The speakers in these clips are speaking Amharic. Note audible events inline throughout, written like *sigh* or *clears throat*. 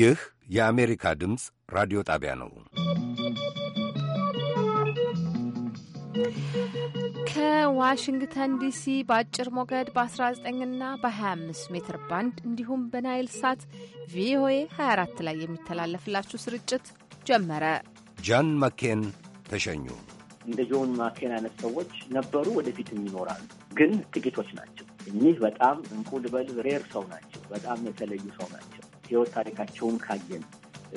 ይህ የአሜሪካ ድምፅ ራዲዮ ጣቢያ ነው። ከዋሽንግተን ዲሲ በአጭር ሞገድ በ19 እና በ25 ሜትር ባንድ እንዲሁም በናይል ሳት ቪኦኤ 24 ላይ የሚተላለፍላችሁ ስርጭት ጀመረ። ጃን ማኬን ተሸኙ። እንደ ጆን ማኬን አይነት ሰዎች ነበሩ፣ ወደፊትም ይኖራሉ፣ ግን ጥቂቶች ናቸው። እኚህ በጣም እንቁ ልበል ሬር ሰው ናቸው። በጣም የተለዩ ሰው ናቸው። ህይወት ታሪካቸውን ካየን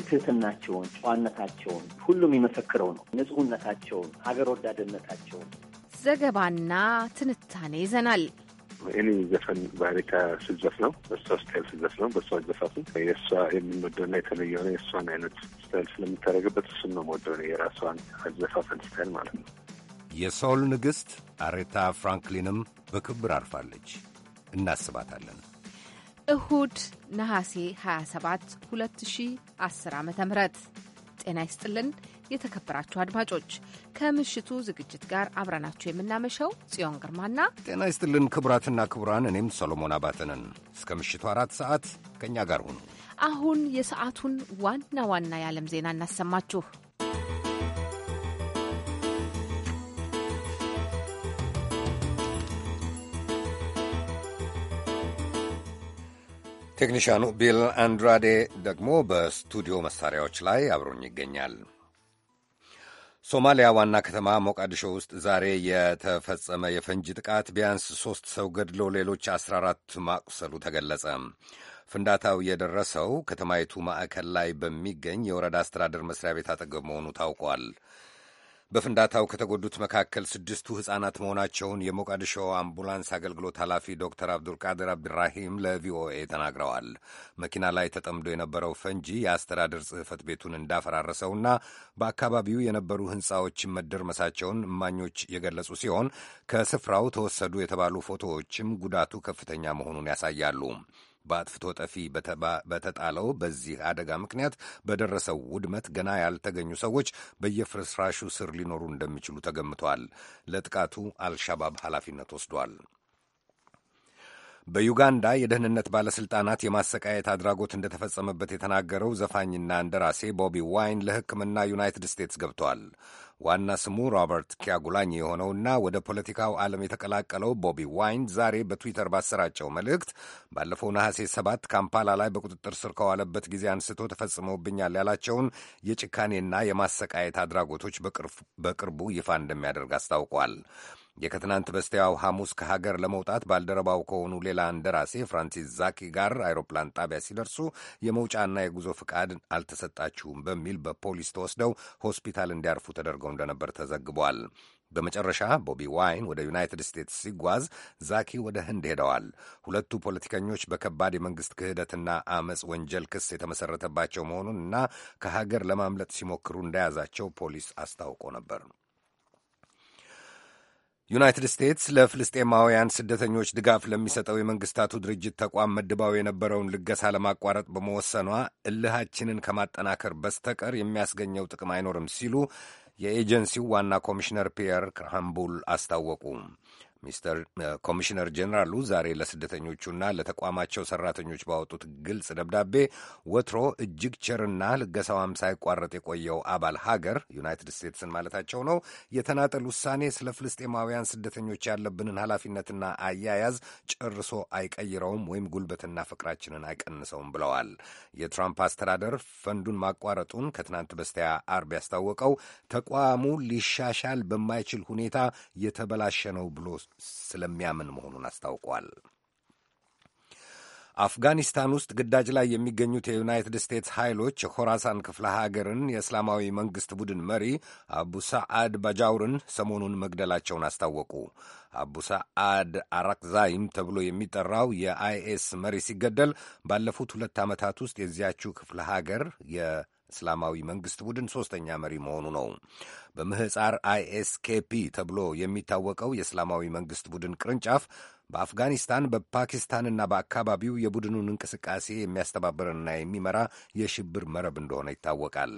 ትህትናቸውን፣ ጨዋነታቸውን ሁሉም የመሰክረው ነው። ንጹህነታቸውን፣ ሀገር ወዳድነታቸውን ዘገባና ትንታኔ ይዘናል። እኔ ዘፈን ባህሪካ ስዘፍ ነው በእሷ ስታይል ስዘፍ ነው በእሷ ዘፋፍ የእሷ የሚወደውና የተለየ ሆነ የእሷን አይነት ስታይል ስለምታደርግበት እሱን ነው መወደው ነው የራሷን አዘፋፈን ስታይል ማለት ነው። የሶል ንግሥት አሬታ ፍራንክሊንም በክብር አርፋለች። እናስባታለን። እሁድ ነሐሴ 27 2010 ዓ ም ጤና ይስጥልን የተከበራችሁ አድማጮች ከምሽቱ ዝግጅት ጋር አብረናችሁ የምናመሸው ጽዮን ግርማና ጤና ይስጥልን ክቡራትና ክቡራን፣ እኔም ሰሎሞን አባተንን እስከ ምሽቱ አራት ሰዓት ከእኛ ጋር ሁኑ። አሁን የሰዓቱን ዋና ዋና የዓለም ዜና እናሰማችሁ። ቴክኒሽያኑ ቢል አንድራዴ ደግሞ በስቱዲዮ መሳሪያዎች ላይ አብሮኝ ይገኛል። ሶማሊያ ዋና ከተማ ሞቃዲሾ ውስጥ ዛሬ የተፈጸመ የፈንጂ ጥቃት ቢያንስ ሦስት ሰው ገድሎ ሌሎች 14 ማቁሰሉ ተገለጸ። ፍንዳታው የደረሰው ከተማይቱ ማዕከል ላይ በሚገኝ የወረዳ አስተዳደር መስሪያ ቤት አጠገብ መሆኑ ታውቋል። በፍንዳታው ከተጎዱት መካከል ስድስቱ ሕፃናት መሆናቸውን የሞቃዲሾ አምቡላንስ አገልግሎት ኃላፊ ዶክተር አብዱልቃድር አብድራሂም ለቪኦኤ ተናግረዋል። መኪና ላይ ተጠምዶ የነበረው ፈንጂ የአስተዳደር ጽሕፈት ቤቱን እንዳፈራረሰውና በአካባቢው የነበሩ ሕንፃዎችን መደርመሳቸውን እማኞች የገለጹ ሲሆን ከስፍራው ተወሰዱ የተባሉ ፎቶዎችም ጉዳቱ ከፍተኛ መሆኑን ያሳያሉ። በአጥፍቶ ጠፊ በተጣለው በዚህ አደጋ ምክንያት በደረሰው ውድመት ገና ያልተገኙ ሰዎች በየፍርስራሹ ስር ሊኖሩ እንደሚችሉ ተገምተዋል። ለጥቃቱ አልሻባብ ኃላፊነት ወስዷል። በዩጋንዳ የደህንነት ባለሥልጣናት የማሰቃየት አድራጎት እንደተፈጸመበት የተናገረው ዘፋኝና እንደራሴ ቦቢ ዋይን ለሕክምና ዩናይትድ ስቴትስ ገብቷል። ዋና ስሙ ሮበርት ኪያጉላኝ የሆነውና ወደ ፖለቲካው ዓለም የተቀላቀለው ቦቢ ዋይን ዛሬ በትዊተር ባሰራጨው መልእክት ባለፈው ነሐሴ ሰባት ካምፓላ ላይ በቁጥጥር ስር ከዋለበት ጊዜ አንስቶ ተፈጽመውብኛል ያላቸውን የጭካኔና የማሰቃየት አድራጎቶች በቅርቡ ይፋ እንደሚያደርግ አስታውቋል። የከትናንት በስቲያው ሐሙስ ከሀገር ለመውጣት ባልደረባው ከሆኑ ሌላ እንደራሴ ፍራንሲስ ዛኪ ጋር አይሮፕላን ጣቢያ ሲደርሱ የመውጫና የጉዞ ፍቃድ አልተሰጣችሁም በሚል በፖሊስ ተወስደው ሆስፒታል እንዲያርፉ ተደርገው እንደነበር ተዘግቧል። በመጨረሻ ቦቢ ዋይን ወደ ዩናይትድ ስቴትስ ሲጓዝ ዛኪ ወደ ህንድ ሄደዋል። ሁለቱ ፖለቲከኞች በከባድ የመንግስት ክህደትና አመፅ ወንጀል ክስ የተመሰረተባቸው መሆኑን እና ከሀገር ለማምለጥ ሲሞክሩ እንደያዛቸው ፖሊስ አስታውቆ ነበር። ዩናይትድ ስቴትስ ለፍልስጤማውያን ስደተኞች ድጋፍ ለሚሰጠው የመንግስታቱ ድርጅት ተቋም መድባው የነበረውን ልገሳ ለማቋረጥ በመወሰኗ እልሃችንን ከማጠናከር በስተቀር የሚያስገኘው ጥቅም አይኖርም ሲሉ የኤጀንሲው ዋና ኮሚሽነር ፒየር ክራምቡል አስታወቁ። ሚስተር ኮሚሽነር ጀኔራሉ ዛሬ ለስደተኞቹና ለተቋማቸው ሰራተኞች ባወጡት ግልጽ ደብዳቤ ወትሮ እጅግ ቸርና ልገሳዋም ሳይቋረጥ የቆየው አባል ሀገር ዩናይትድ ስቴትስን ማለታቸው ነው የተናጠል ውሳኔ ስለ ፍልስጤማውያን ስደተኞች ያለብንን ኃላፊነትና አያያዝ ጨርሶ አይቀይረውም ወይም ጉልበትና ፍቅራችንን አይቀንሰውም ብለዋል። የትራምፕ አስተዳደር ፈንዱን ማቋረጡን ከትናንት በስቲያ አርብ ያስታወቀው ተቋሙ ሊሻሻል በማይችል ሁኔታ የተበላሸ ነው ብሎ ስለሚያምን መሆኑን አስታውቋል። አፍጋኒስታን ውስጥ ግዳጅ ላይ የሚገኙት የዩናይትድ ስቴትስ ኃይሎች የሆራሳን ክፍለ ሀገርን የእስላማዊ መንግሥት ቡድን መሪ አቡ ሳዓድ ባጃውርን ሰሞኑን መግደላቸውን አስታወቁ። አቡ ሳዓድ አራክዛይም ተብሎ የሚጠራው የአይኤስ መሪ ሲገደል ባለፉት ሁለት ዓመታት ውስጥ የዚያችው ክፍለ ሀገር እስላማዊ መንግስት ቡድን ሶስተኛ መሪ መሆኑ ነው። በምህፃር አይኤስኬፒ ተብሎ የሚታወቀው የእስላማዊ መንግስት ቡድን ቅርንጫፍ በአፍጋኒስታን በፓኪስታንና በአካባቢው የቡድኑን እንቅስቃሴ የሚያስተባብርና የሚመራ የሽብር መረብ እንደሆነ ይታወቃል።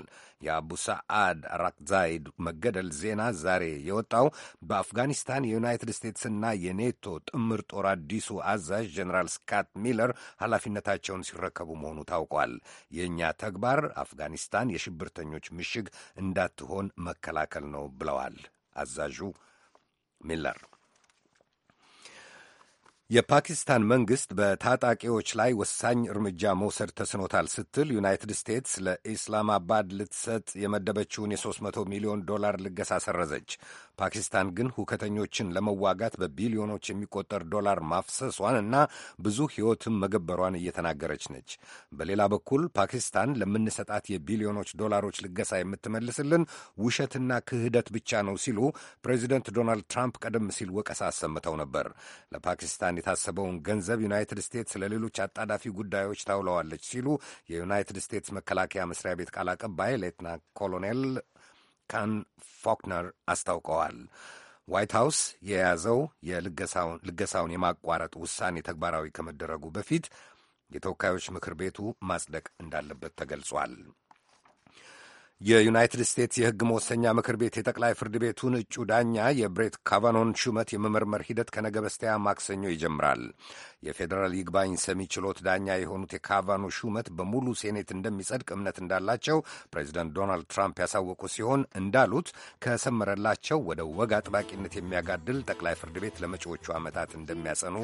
የአቡ ሰዓድ መገደል ዜና ዛሬ የወጣው በአፍጋኒስታን የዩናይትድ ስቴትስና የኔቶ ጥምር ጦር አዲሱ አዛዥ ጀኔራል ስካት ሚለር ኃላፊነታቸውን ሲረከቡ መሆኑ ታውቋል። የእኛ ተግባር አፍጋኒስታን የሽብርተኞች ምሽግ እንዳትሆን መከላከል ነው ብለዋል አዛዡ ሚለር። የፓኪስታን መንግሥት በታጣቂዎች ላይ ወሳኝ እርምጃ መውሰድ ተስኖታል ስትል ዩናይትድ ስቴትስ ለኢስላማባድ ልትሰጥ የመደበችውን የ300 ሚሊዮን ዶላር ልገሳ ሰረዘች። ፓኪስታን ግን ሁከተኞችን ለመዋጋት በቢሊዮኖች የሚቆጠር ዶላር ማፍሰሷን እና ብዙ ሕይወትም መገበሯን እየተናገረች ነች። በሌላ በኩል ፓኪስታን ለምንሰጣት የቢሊዮኖች ዶላሮች ልገሳ የምትመልስልን ውሸትና ክህደት ብቻ ነው ሲሉ ፕሬዚደንት ዶናልድ ትራምፕ ቀደም ሲል ወቀሳ አሰምተው ነበር ለፓኪስታን ለአፍጋኒስታን የታሰበውን ገንዘብ ዩናይትድ ስቴትስ ለሌሎች አጣዳፊ ጉዳዮች ታውለዋለች ሲሉ የዩናይትድ ስቴትስ መከላከያ መስሪያ ቤት ቃል አቀባይ ሌትና ኮሎኔል ካን ፎክነር አስታውቀዋል። ዋይት ሃውስ የያዘው የልገሳውን የማቋረጥ ውሳኔ ተግባራዊ ከመደረጉ በፊት የተወካዮች ምክር ቤቱ ማጽደቅ እንዳለበት ተገልጿል። የዩናይትድ ስቴትስ የሕግ መወሰኛ ምክር ቤት የጠቅላይ ፍርድ ቤቱን እጩ ዳኛ የብሬት ካቫኖን ሹመት የመመርመር ሂደት ከነገ በስቲያ ማክሰኞ ይጀምራል። የፌዴራል ይግባኝ ሰሚ ችሎት ዳኛ የሆኑት የካቫኖ ሹመት በሙሉ ሴኔት እንደሚጸድቅ እምነት እንዳላቸው ፕሬዚደንት ዶናልድ ትራምፕ ያሳወቁ ሲሆን እንዳሉት ከሰመረላቸው ወደ ወግ አጥባቂነት የሚያጋድል ጠቅላይ ፍርድ ቤት ለመጪዎቹ ዓመታት እንደሚያጸኑ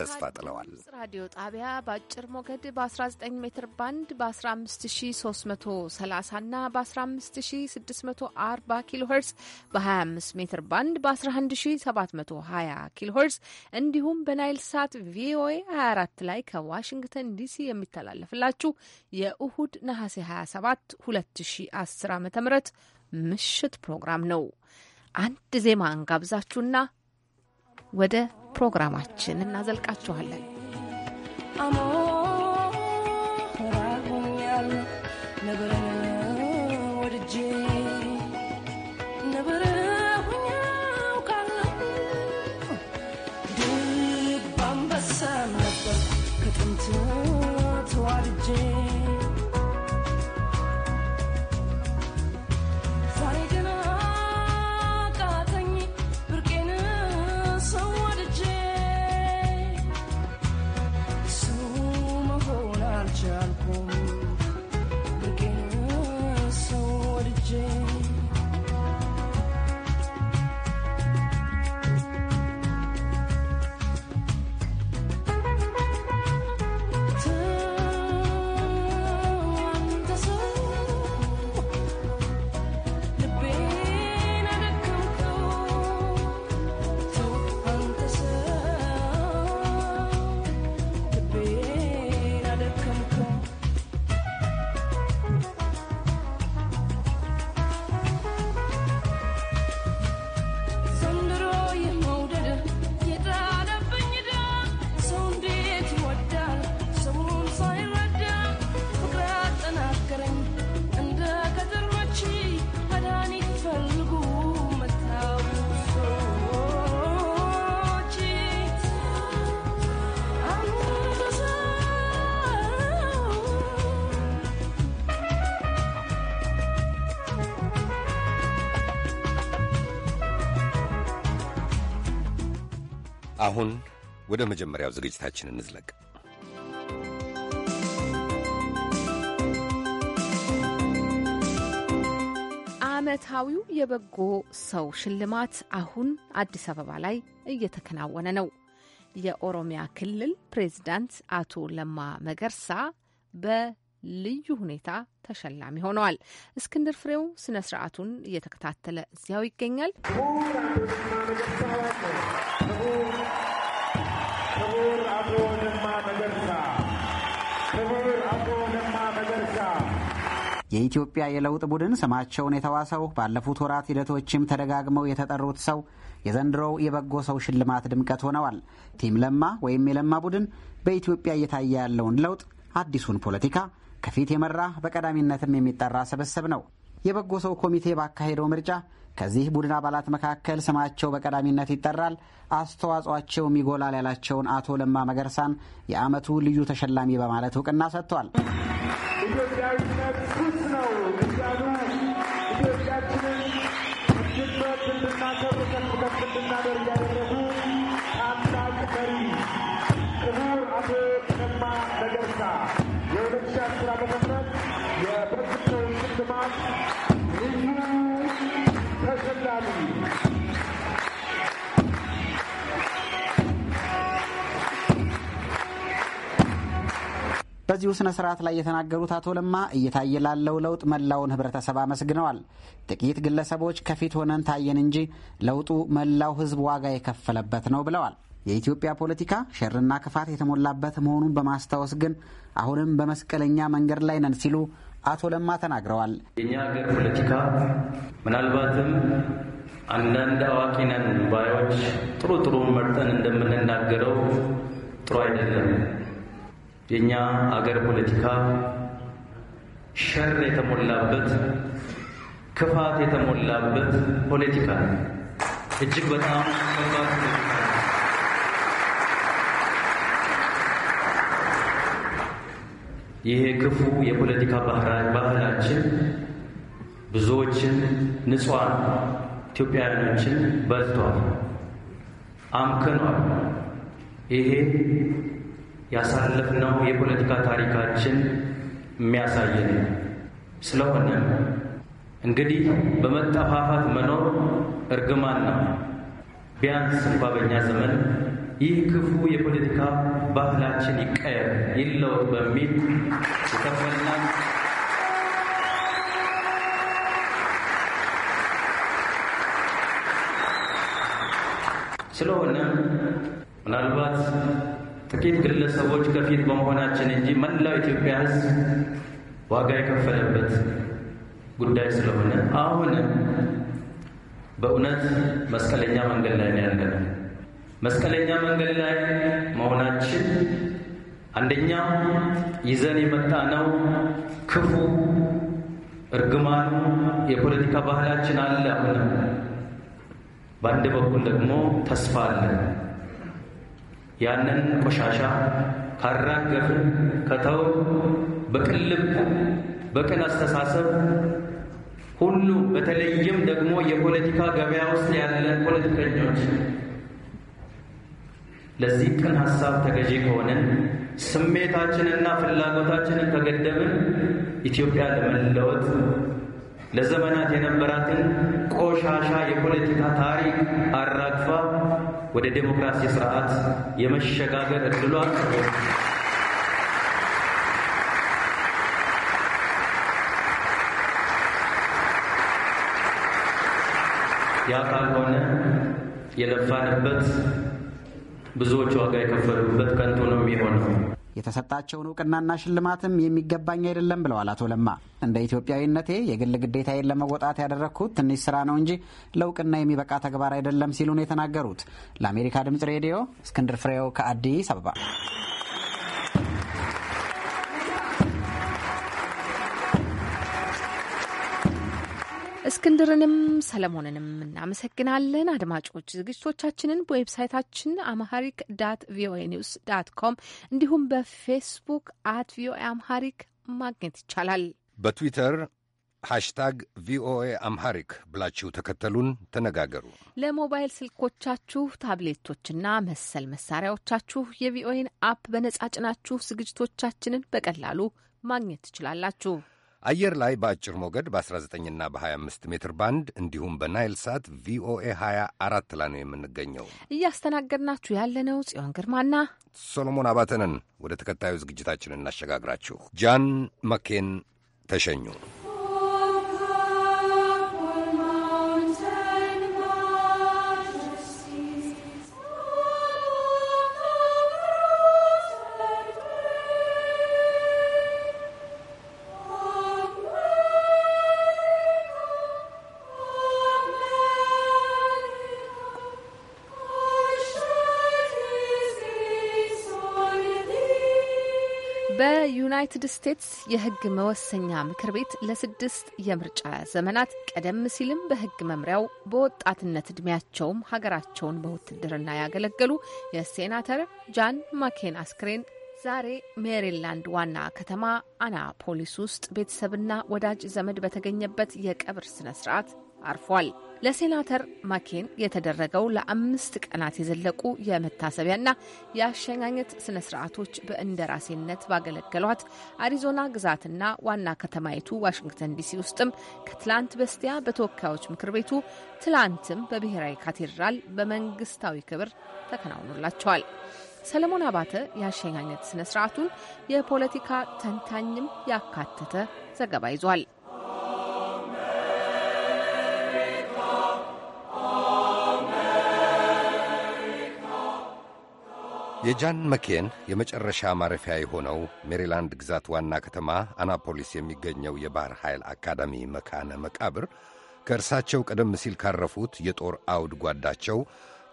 ተስፋ ጥለዋል። ራዲዮ ጣቢያ በአጭር ሞገድ በ19 ሜትር ባንድ በ15330 እና በ15640 ኪሎ ሄርዝ በ25 ሜትር ባንድ በ11720 ኪሎ ሄርዝ እንዲሁም በናይል ሳት ቪኦ ቪኦኤ 24 ላይ ከዋሽንግተን ዲሲ የሚተላለፍላችሁ የእሁድ ነሐሴ 27 2010 ዓ ም ምሽት ፕሮግራም ነው። አንድ ዜማ እንጋብዛችሁና ወደ ፕሮግራማችን እናዘልቃችኋለን። አሁን ወደ መጀመሪያው ዝግጅታችን እንዝለቅ። ዓመታዊው የበጎ ሰው ሽልማት አሁን አዲስ አበባ ላይ እየተከናወነ ነው። የኦሮሚያ ክልል ፕሬዝዳንት አቶ ለማ መገርሳ በልዩ ሁኔታ ተሸላሚ ሆነዋል። እስክንድር ፍሬው ስነ ስርዓቱን እየተከታተለ እዚያው ይገኛል። ክቡር አቶ ለማ መገርሳ ክቡር አቶ ለማ መገርሳ የኢትዮጵያ የለውጥ ቡድን ስማቸውን የተዋሰው ባለፉት ወራት ሂደቶችም ተደጋግመው የተጠሩት ሰው የዘንድሮው የበጎ ሰው ሽልማት ድምቀት ሆነዋል። ቲም ለማ ወይም የለማ ቡድን በኢትዮጵያ እየታየ ያለውን ለውጥ፣ አዲሱን ፖለቲካ ከፊት የመራ በቀዳሚነትም የሚጠራ ስብስብ ነው። የበጎ ሰው ኮሚቴ ባካሄደው ምርጫ ከዚህ ቡድን አባላት መካከል ስማቸው በቀዳሚነት ይጠራል። አስተዋጽኦቸው ይጎላል ያላቸውን አቶ ለማ መገርሳን የዓመቱ ልዩ ተሸላሚ በማለት እውቅና ሰጥቷል። ኢትዮጵያዊነት በዚሁ ስነ ስርዓት ላይ የተናገሩት አቶ ለማ እየታየ ላለው ለውጥ መላውን ህብረተሰብ አመስግነዋል። ጥቂት ግለሰቦች ከፊት ሆነን ታየን እንጂ ለውጡ መላው ህዝብ ዋጋ የከፈለበት ነው ብለዋል። የኢትዮጵያ ፖለቲካ ሸርና ክፋት የተሞላበት መሆኑን በማስታወስ ግን አሁንም በመስቀለኛ መንገድ ላይ ነን ሲሉ አቶ ለማ ተናግረዋል። የእኛ ሀገር ፖለቲካ ምናልባትም አንዳንድ አዋቂ ነን ባዮች ጥሩ ጥሩ መርጠን እንደምንናገረው ጥሩ አይደለም። የእኛ አገር ፖለቲካ ሸር የተሞላበት ክፋት የተሞላበት ፖለቲካ እጅግ በጣም ከባድ ፖለቲካ ይሄ ክፉ የፖለቲካ ባህላችን ብዙዎችን ንጹሐን ኢትዮጵያውያኖችን በልቷል፣ አምክኗል። ይሄ ያሳለፍነው የፖለቲካ ታሪካችን የሚያሳየን ስለሆነ እንግዲህ በመጠፋፋት መኖር እርግማን ነው። ቢያንስ እንኳ በእኛ ዘመን ይህ ክፉ የፖለቲካ ባህላችን ይቀየር፣ ይለወጥ በሚል የተፈላ ስለሆነ ምናልባት ጥቂት ግለሰቦች ከፊት በመሆናችን እንጂ መላው ኢትዮጵያ ሕዝብ ዋጋ የከፈለበት ጉዳይ ስለሆነ አሁንም በእውነት መስቀለኛ መንገድ ላይ ነው ነው። መስቀለኛ መንገድ ላይ መሆናችን አንደኛ ይዘን የመጣ ነው ክፉ እርግማኑ የፖለቲካ ባህላችን አለ። አሁንም በአንድ በኩል ደግሞ ተስፋ አለ። ያንን ቆሻሻ ካራገፍ ከተው በቅን በቅን አስተሳሰብ ሁሉ በተለይም ደግሞ የፖለቲካ ገበያ ውስጥ ያለ ፖለቲከኞች ለዚህ ቅን ሀሳብ ተገዢ ከሆነን ስሜታችንና ፍላጎታችንን ከገደብን ኢትዮጵያ ለመለወጥ ለዘመናት የነበራትን ቆሻሻ የፖለቲካ ታሪክ አራግፋ ወደ ዴሞክራሲ ስርዓት የመሸጋገር እድሏን ያ ካልሆነ የለፋንበት ብዙዎች ዋጋ የከፈሉበት ከንቱ ነው የሚሆነው። የተሰጣቸውን እውቅናና ሽልማትም የሚገባኝ አይደለም ብለዋል አቶ ለማ። እንደ ኢትዮጵያዊነቴ የግል ግዴታዬን ለመወጣት ያደረግኩት ትንሽ ስራ ነው እንጂ ለእውቅና የሚበቃ ተግባር አይደለም ሲሉ ነው የተናገሩት። ለአሜሪካ ድምጽ ሬዲዮ እስክንድር ፍሬው ከአዲስ አበባ እስክንድርንም ሰለሞንንም እናመሰግናለን። አድማጮች ዝግጅቶቻችንን በዌብሳይታችን አምሃሪክ ዳት ቪኦኤ ኒውስ ዳት ኮም እንዲሁም በፌስቡክ አት ቪኦኤ አምሃሪክ ማግኘት ይቻላል። በትዊተር ሃሽታግ ቪኦኤ አምሃሪክ ብላችሁ ተከተሉን፣ ተነጋገሩ። ለሞባይል ስልኮቻችሁ ታብሌቶችና መሰል መሳሪያዎቻችሁ የቪኦኤን አፕ በነጻ ጭናችሁ ዝግጅቶቻችንን በቀላሉ ማግኘት ትችላላችሁ። አየር ላይ በአጭር ሞገድ በ19ና በ25 ሜትር ባንድ እንዲሁም በናይል ሳት ቪኦኤ 24 ላይ ነው የምንገኘው። እያስተናገድናችሁ ያለነው ጽዮን ግርማና ሶሎሞን አባተንን። ወደ ተከታዩ ዝግጅታችን እናሸጋግራችሁ። ጃን መኬን ተሸኙ። የዩናይትድ ስቴትስ የሕግ መወሰኛ ምክር ቤት ለስድስት የምርጫ ዘመናት ቀደም ሲልም በሕግ መምሪያው በወጣትነት ዕድሜያቸውም ሀገራቸውን በውትድርና ያገለገሉ የሴናተር ጃን ማኬን አስክሬን ዛሬ ሜሪላንድ ዋና ከተማ አናፖሊስ ውስጥ ቤተሰብና ወዳጅ ዘመድ በተገኘበት የቀብር ስነ ስርዓት አርፏል። ለሴናተር ማኬን የተደረገው ለአምስት ቀናት የዘለቁ የመታሰቢያና የአሸኛኘት ስነ ስርዓቶች በእንደራሴነት ባገለገሏት አሪዞና ግዛትና ዋና ከተማይቱ ዋሽንግተን ዲሲ ውስጥም ከትላንት በስቲያ በተወካዮች ምክር ቤቱ ትላንትም በብሔራዊ ካቴድራል በመንግስታዊ ክብር ተከናውኖላቸዋል። ሰለሞን አባተ የአሸኛኘት ስነ ስርዓቱን የፖለቲካ ተንታኝም ያካተተ ዘገባ ይዟል። የጃን መኬን የመጨረሻ ማረፊያ የሆነው ሜሪላንድ ግዛት ዋና ከተማ አናፖሊስ የሚገኘው የባህር ኃይል አካዳሚ መካነ መቃብር ከእርሳቸው ቀደም ሲል ካረፉት የጦር አውድ ጓዳቸው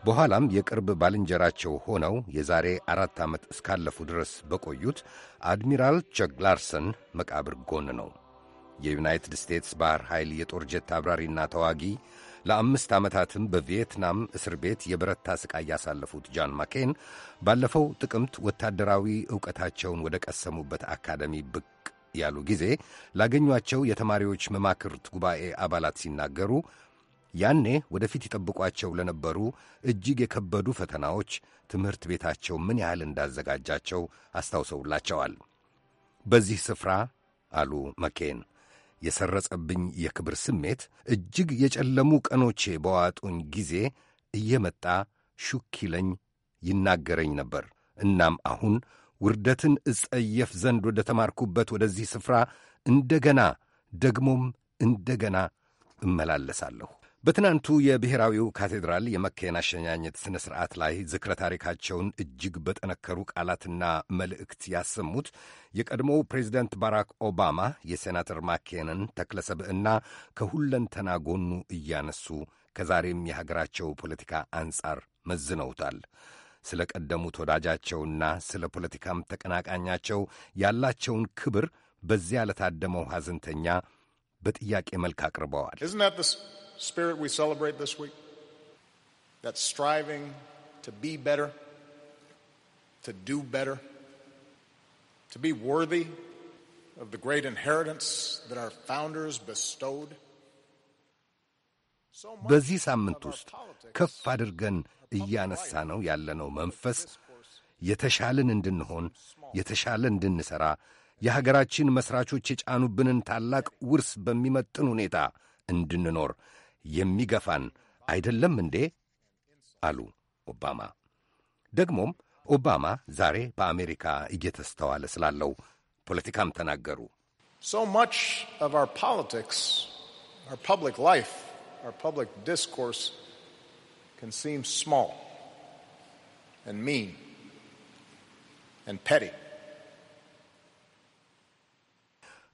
በኋላም የቅርብ ባልንጀራቸው ሆነው የዛሬ አራት ዓመት እስካለፉ ድረስ በቆዩት አድሚራል ቸክ ላርሰን መቃብር ጎን ነው። የዩናይትድ ስቴትስ ባህር ኃይል የጦር ጀት አብራሪና ተዋጊ ለአምስት ዓመታትም በቪየትናም እስር ቤት የበረታ ስቃይ ያሳለፉት ጃን ማኬን ባለፈው ጥቅምት ወታደራዊ ዕውቀታቸውን ወደ ቀሰሙበት አካደሚ ብቅ ያሉ ጊዜ ላገኟቸው የተማሪዎች መማክርት ጉባኤ አባላት ሲናገሩ ያኔ ወደፊት ይጠብቋቸው ለነበሩ እጅግ የከበዱ ፈተናዎች ትምህርት ቤታቸው ምን ያህል እንዳዘጋጃቸው አስታውሰውላቸዋል። በዚህ ስፍራ አሉ መኬን የሰረጸብኝ የክብር ስሜት እጅግ የጨለሙ ቀኖቼ በዋጡኝ ጊዜ እየመጣ ሹክ ይለኝ ይናገረኝ ነበር። እናም አሁን ውርደትን እጸየፍ ዘንድ ወደ ተማርኩበት ወደዚህ ስፍራ እንደገና ደግሞም እንደገና እመላለሳለሁ። በትናንቱ የብሔራዊው ካቴድራል የመካሄን አሸኛኘት ሥነ ሥርዓት ላይ ዝክረ ታሪካቸውን እጅግ በጠነከሩ ቃላትና መልእክት ያሰሙት የቀድሞው ፕሬዚደንት ባራክ ኦባማ የሴናተር ማኬንን ተክለሰብእና ከሁለንተና ጎኑ እያነሱ ከዛሬም የሀገራቸው ፖለቲካ አንጻር መዝነውታል። ስለ ቀደሙት ወዳጃቸውና ስለ ፖለቲካም ተቀናቃኛቸው ያላቸውን ክብር በዚያ ለታደመው ሐዘንተኛ በጥያቄ መልክ አቅርበዋል። spirit we celebrate this week? That striving to be better, to do better, to be worthy of the great inheritance that our founders bestowed. በዚህ ሳምንት ውስጥ ከፍ አድርገን እያነሳ ነው ያለነው መንፈስ የተሻልን እንድንሆን የተሻለ እንድንሠራ የሀገራችን መሥራቾች የጫኑብንን ታላቅ ውርስ በሚመጥን ሁኔታ እንድንኖር የሚገፋን አይደለም እንዴ? አሉ ኦባማ። ደግሞም ኦባማ ዛሬ በአሜሪካ እየተስተዋለ ስላለው ፖለቲካም ተናገሩ።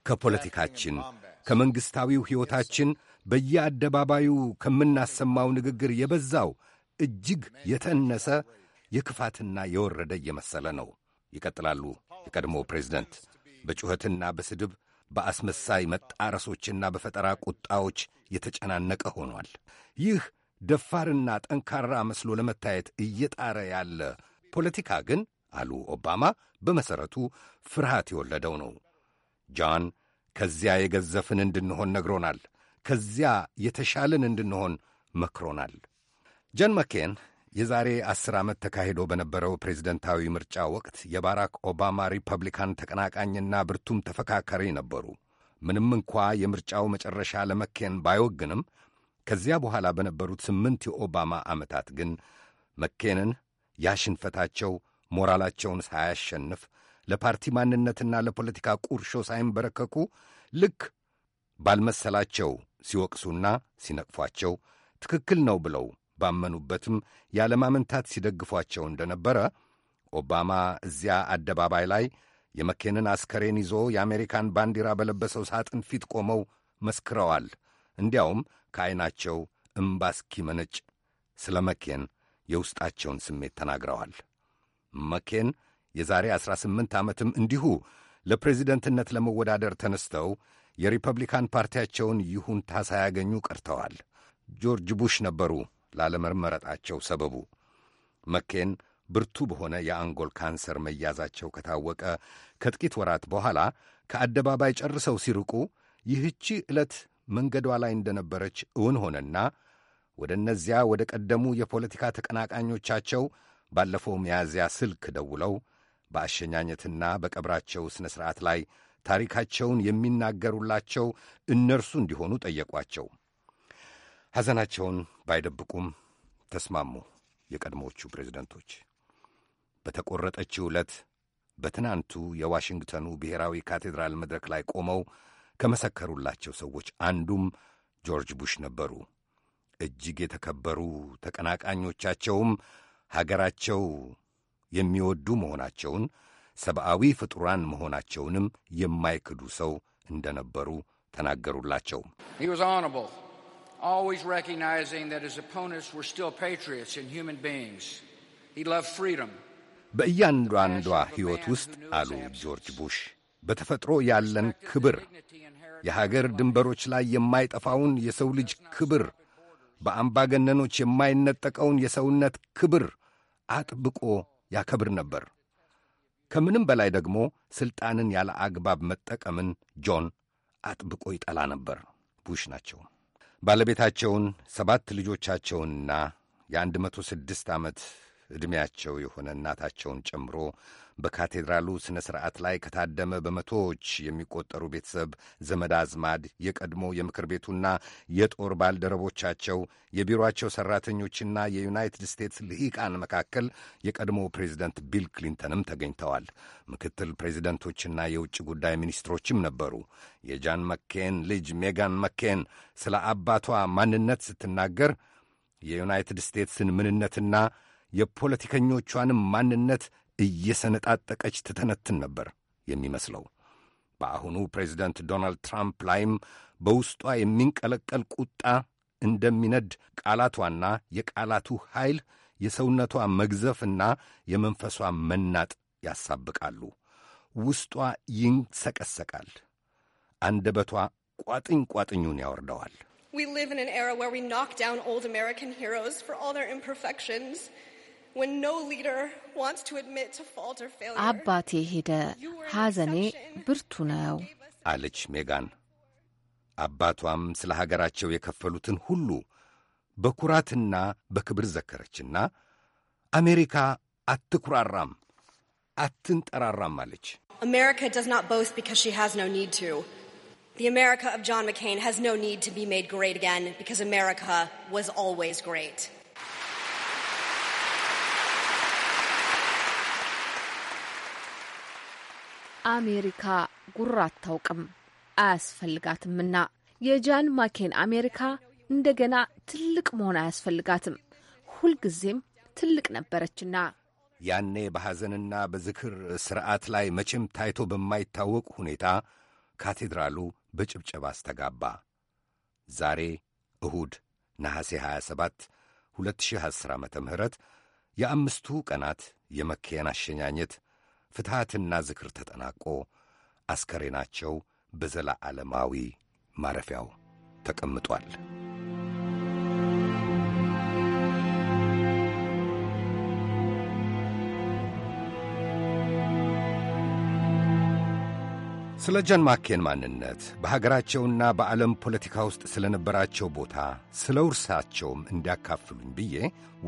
ከፖለቲካችን ከመንግሥታዊው ሕይወታችን በየአደባባዩ ከምናሰማው ንግግር የበዛው እጅግ የተነሰ የክፋትና የወረደ እየመሰለ ነው። ይቀጥላሉ የቀድሞ ፕሬዝደንት በጩኸትና በስድብ በአስመሳይ መጣረሶችና በፈጠራ ቁጣዎች የተጨናነቀ ሆኗል። ይህ ደፋርና ጠንካራ መስሎ ለመታየት እየጣረ ያለ ፖለቲካ ግን አሉ ኦባማ፣ በመሠረቱ ፍርሃት የወለደው ነው። ጃን ከዚያ የገዘፍን እንድንሆን ነግሮናል። ከዚያ የተሻለን እንድንሆን መክሮናል። ጆን መኬን የዛሬ ዐሥር ዓመት ተካሂዶ በነበረው ፕሬዝደንታዊ ምርጫ ወቅት የባራክ ኦባማ ሪፐብሊካን ተቀናቃኝና ብርቱም ተፈካካሪ ነበሩ። ምንም እንኳ የምርጫው መጨረሻ ለመኬን ባይወግንም ከዚያ በኋላ በነበሩት ስምንት የኦባማ ዓመታት ግን መኬንን ያሽንፈታቸው ሞራላቸውን ሳያሸንፍ ለፓርቲ ማንነትና ለፖለቲካ ቁርሾ ሳይንበረከኩ ልክ ባልመሰላቸው ሲወቅሱና ሲነቅፏቸው ትክክል ነው ብለው ባመኑበትም ያለማመንታት ሲደግፏቸው እንደነበረ ኦባማ እዚያ አደባባይ ላይ የመኬንን አስከሬን ይዞ የአሜሪካን ባንዲራ በለበሰው ሳጥን ፊት ቆመው መስክረዋል። እንዲያውም ከዐይናቸው እምባ እስኪመነጭ ስለ መኬን የውስጣቸውን ስሜት ተናግረዋል። መኬን የዛሬ 18 ዓመትም እንዲሁ ለፕሬዚደንትነት ለመወዳደር ተነስተው የሪፐብሊካን ፓርቲያቸውን ይሁንታ ሳያገኙ ቀርተዋል። ጆርጅ ቡሽ ነበሩ ላለመመረጣቸው ሰበቡ። መኬን ብርቱ በሆነ የአንጎል ካንሰር መያዛቸው ከታወቀ ከጥቂት ወራት በኋላ ከአደባባይ ጨርሰው ሲርቁ ይህቺ ዕለት መንገዷ ላይ እንደነበረች እውን ሆነና ወደ እነዚያ ወደ ቀደሙ የፖለቲካ ተቀናቃኞቻቸው ባለፈው ሚያዝያ ስልክ ደውለው በአሸኛኘትና በቀብራቸው ሥነ ሥርዓት ላይ ታሪካቸውን የሚናገሩላቸው እነርሱ እንዲሆኑ ጠየቋቸው። ሐዘናቸውን ባይደብቁም ተስማሙ። የቀድሞዎቹ ፕሬዝደንቶች በተቆረጠችው ዕለት በትናንቱ የዋሽንግተኑ ብሔራዊ ካቴድራል መድረክ ላይ ቆመው ከመሰከሩላቸው ሰዎች አንዱም ጆርጅ ቡሽ ነበሩ። እጅግ የተከበሩ ተቀናቃኞቻቸውም ሀገራቸው የሚወዱ መሆናቸውን ሰብአዊ ፍጡራን መሆናቸውንም የማይክዱ ሰው እንደነበሩ ተናገሩላቸው። በእያንዳንዷ ሕይወት ውስጥ አሉ ጆርጅ ቡሽ፣ በተፈጥሮ ያለን ክብር፣ የሀገር ድንበሮች ላይ የማይጠፋውን የሰው ልጅ ክብር፣ በአምባገነኖች የማይነጠቀውን የሰውነት ክብር አጥብቆ ያከብር ነበር። ከምንም በላይ ደግሞ ሥልጣንን ያለ አግባብ መጠቀምን ጆን አጥብቆ ይጠላ ነበር። ቡሽ ናቸው። ባለቤታቸውን ሰባት ልጆቻቸውንና የአንድ መቶ ስድስት ዓመት ዕድሜያቸው የሆነ እናታቸውን ጨምሮ በካቴድራሉ ሥነ ሥርዓት ላይ ከታደመ በመቶዎች የሚቆጠሩ ቤተሰብ፣ ዘመድ አዝማድ፣ የቀድሞ የምክር ቤቱና የጦር ባልደረቦቻቸው፣ የቢሮአቸው ሠራተኞችና የዩናይትድ ስቴትስ ልሂቃን መካከል የቀድሞ ፕሬዚደንት ቢል ክሊንተንም ተገኝተዋል። ምክትል ፕሬዚደንቶችና የውጭ ጉዳይ ሚኒስትሮችም ነበሩ። የጃን መኬን ልጅ ሜጋን መኬን ስለ አባቷ ማንነት ስትናገር የዩናይትድ ስቴትስን ምንነትና የፖለቲከኞቿንም ማንነት እየሰነጣጠቀች ትተነትን ነበር የሚመስለው። በአሁኑ ፕሬዚደንት ዶናልድ ትራምፕ ላይም በውስጧ የሚንቀለቀል ቁጣ እንደሚነድ ቃላቷና የቃላቱ ኃይል የሰውነቷ መግዘፍና የመንፈሷ መናጥ ያሳብቃሉ። ውስጧ ይንሰቀሰቃል። አንደበቷ ቋጥኝ ቋጥኙን ያወርደዋል። We live in an era where we knock down old American heroes for all their imperfections አባቴ ሄደ፣ ሐዘኔ ብርቱ ነው አለች ሜጋን። አባቷም ስለ ሀገራቸው የከፈሉትን ሁሉ በኩራትና በክብር ዘከረችና አሜሪካ አትኩራራም፣ አትንጠራራም አለች። America does not boast because she has no need to. The America of John McCain has no need to be made great again because America was always great. አሜሪካ ጉራ አታውቅም አያስፈልጋትምና የጃን ማኬን አሜሪካ እንደገና ትልቅ መሆን አያስፈልጋትም። ሁልጊዜም ትልቅ ነበረችና ያኔ በሐዘንና በዝክር ሥርዓት ላይ መቼም ታይቶ በማይታወቅ ሁኔታ ካቴድራሉ በጭብጨባ አስተጋባ። ዛሬ እሁድ ነሐሴ 27 2010 ዓ ም የአምስቱ ቀናት የመኬን አሸኛኘት ፍትሐትና ዝክር ተጠናቆ አስከሬናቸው በዘላ ዓለማዊ ማረፊያው ተቀምጧል። ስለ ጆን ማኬን ማንነት በሀገራቸውና በዓለም ፖለቲካ ውስጥ ስለነበራቸው ቦታ ስለ ውርሳቸውም እንዲያካፍሉኝ ብዬ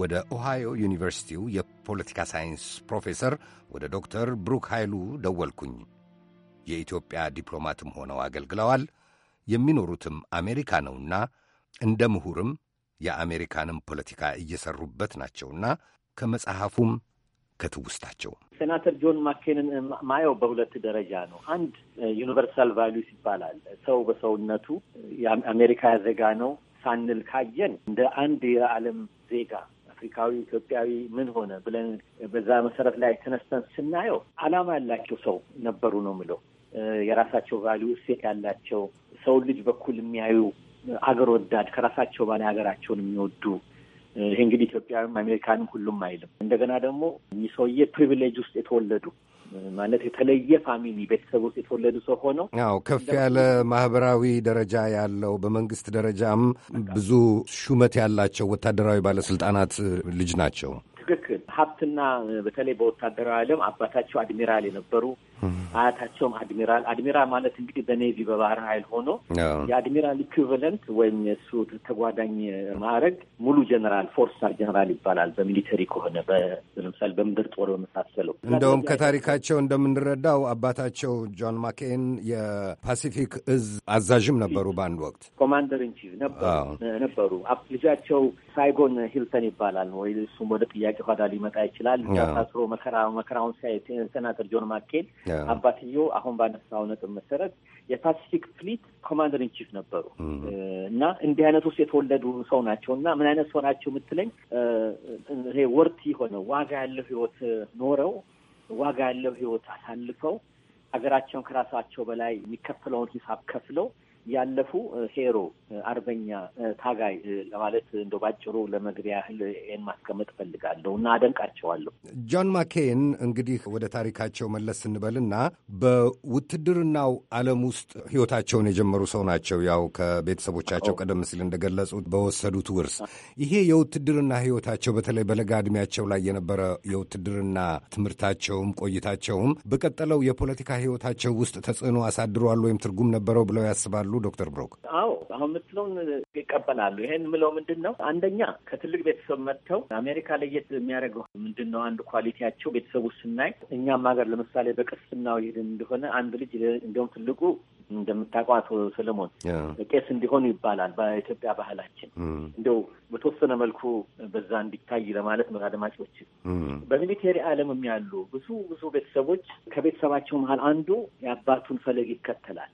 ወደ ኦሃዮ ዩኒቨርሲቲው የፖለቲካ ሳይንስ ፕሮፌሰር ወደ ዶክተር ብሩክ ኃይሉ ደወልኩኝ። የኢትዮጵያ ዲፕሎማትም ሆነው አገልግለዋል። የሚኖሩትም አሜሪካ ነውና እንደ ምሁርም የአሜሪካንም ፖለቲካ እየሰሩበት ናቸውና ከመጽሐፉም ከትውስታቸው ሴናተር ጆን ማኬንን ማየው በሁለት ደረጃ ነው። አንድ ዩኒቨርሳል ቫሉስ ይባላል። ሰው በሰውነቱ አሜሪካ ያዘጋ ነው ሳንል ካየን እንደ አንድ የዓለም ዜጋ አፍሪካዊ፣ ኢትዮጵያዊ ምን ሆነ ብለን በዛ መሰረት ላይ ተነስተን ስናየው አላማ ያላቸው ሰው ነበሩ ነው የምለው። የራሳቸው ቫሊዩ እሴት ያላቸው ሰውን ልጅ በኩል የሚያዩ አገር ወዳድ ከራሳቸው በላይ ሀገራቸውን የሚወዱ ይሄ እንግዲህ ኢትዮጵያንም አሜሪካንም ሁሉም አይልም። እንደገና ደግሞ እኚህ ሰውዬ ፕሪቪሌጅ ውስጥ የተወለዱ ማለት የተለየ ፋሚሊ ቤተሰብ ውስጥ የተወለዱ ሰው ሆነው አዎ ከፍ ያለ ማህበራዊ ደረጃ ያለው በመንግስት ደረጃም ብዙ ሹመት ያላቸው ወታደራዊ ባለስልጣናት ልጅ ናቸው። ትክክል ሀብትና በተለይ በወታደራዊ ዓለም አባታቸው አድሚራል የነበሩ አያታቸውም አድሚራል አድሚራል ማለት እንግዲህ በኔቪ በባህር ኃይል ሆኖ የአድሚራል ኢኩቨለንት ወይም የእሱ ተጓዳኝ ማዕረግ ሙሉ ጀነራል ፎር ጀነራል ይባላል። በሚሊተሪ ከሆነ ለምሳሌ በምድር ጦር በመሳሰለው እንደውም ከታሪካቸው እንደምንረዳው አባታቸው ጆን ማኬን የፓሲፊክ እዝ አዛዥም ነበሩ። በአንድ ወቅት ኮማንደር ኢንቺፍ ነበሩ። ልጃቸው ሳይጎን ሂልተን ይባላል ወይ እሱም ወደ ጥያቄ ኋላ ሊመጣ ይችላል። ታስሮ መከራ መከራውን ሲያይ ሴናተር ጆን ማኬን አባትየው አሁን ባነሳው ነጥብ መሰረት የፓሲፊክ ፍሊት ኮማንደር ኢንቺፍ ነበሩ እና እንዲህ አይነት ውስጥ የተወለዱ ሰው ናቸው እና ምን አይነት ሰው ናቸው የምትለኝ ይሄ ወርቲ የሆነ ዋጋ ያለው ህይወት ኖረው ዋጋ ያለው ህይወት አሳልፈው ሀገራቸውን ከራሳቸው በላይ የሚከፍለውን ሂሳብ ከፍለው ያለፉ ሄሮ አርበኛ ታጋይ ለማለት እንደ ባጭሩ ለመግቢያ ያህል ይህን ማስቀመጥ ፈልጋለሁ እና አደንቃቸዋለሁ። ጆን ማኬን እንግዲህ ወደ ታሪካቸው መለስ ስንበልና በውትድርናው ዓለም ውስጥ ህይወታቸውን የጀመሩ ሰው ናቸው። ያው ከቤተሰቦቻቸው ቀደም ሲል እንደገለጹት በወሰዱት ውርስ ይሄ የውትድርና ህይወታቸው በተለይ በለጋ እድሜያቸው ላይ የነበረ የውትድርና ትምህርታቸውም ቆይታቸውም በቀጠለው የፖለቲካ ህይወታቸው ውስጥ ተጽዕኖ አሳድሯል ወይም ትርጉም ነበረው ብለው ያስባሉ? ይቀበላሉ ዶክተር ብሮክ? አዎ አሁን የምትለውን ይቀበላሉ። ይሄን የምለው ምንድን ነው አንደኛ ከትልቅ ቤተሰብ መጥተው አሜሪካ ለየት የሚያደርገው ምንድን ነው አንድ ኳሊቲያቸው ቤተሰቡ ስናይ እኛም ሀገር ለምሳሌ በቅስናው ይሄድን እንደሆነ አንድ ልጅ እንደውም ትልቁ እንደምታውቀው አቶ ሰለሞን ቄስ እንዲሆኑ ይባላል በኢትዮጵያ ባህላችን። እንደው በተወሰነ መልኩ በዛ እንዲታይ ለማለት ነው። አድማጮች በሚሊቴሪ ዓለምም ያሉ ብዙ ብዙ ቤተሰቦች ከቤተሰባቸው መሀል አንዱ የአባቱን ፈለግ ይከተላል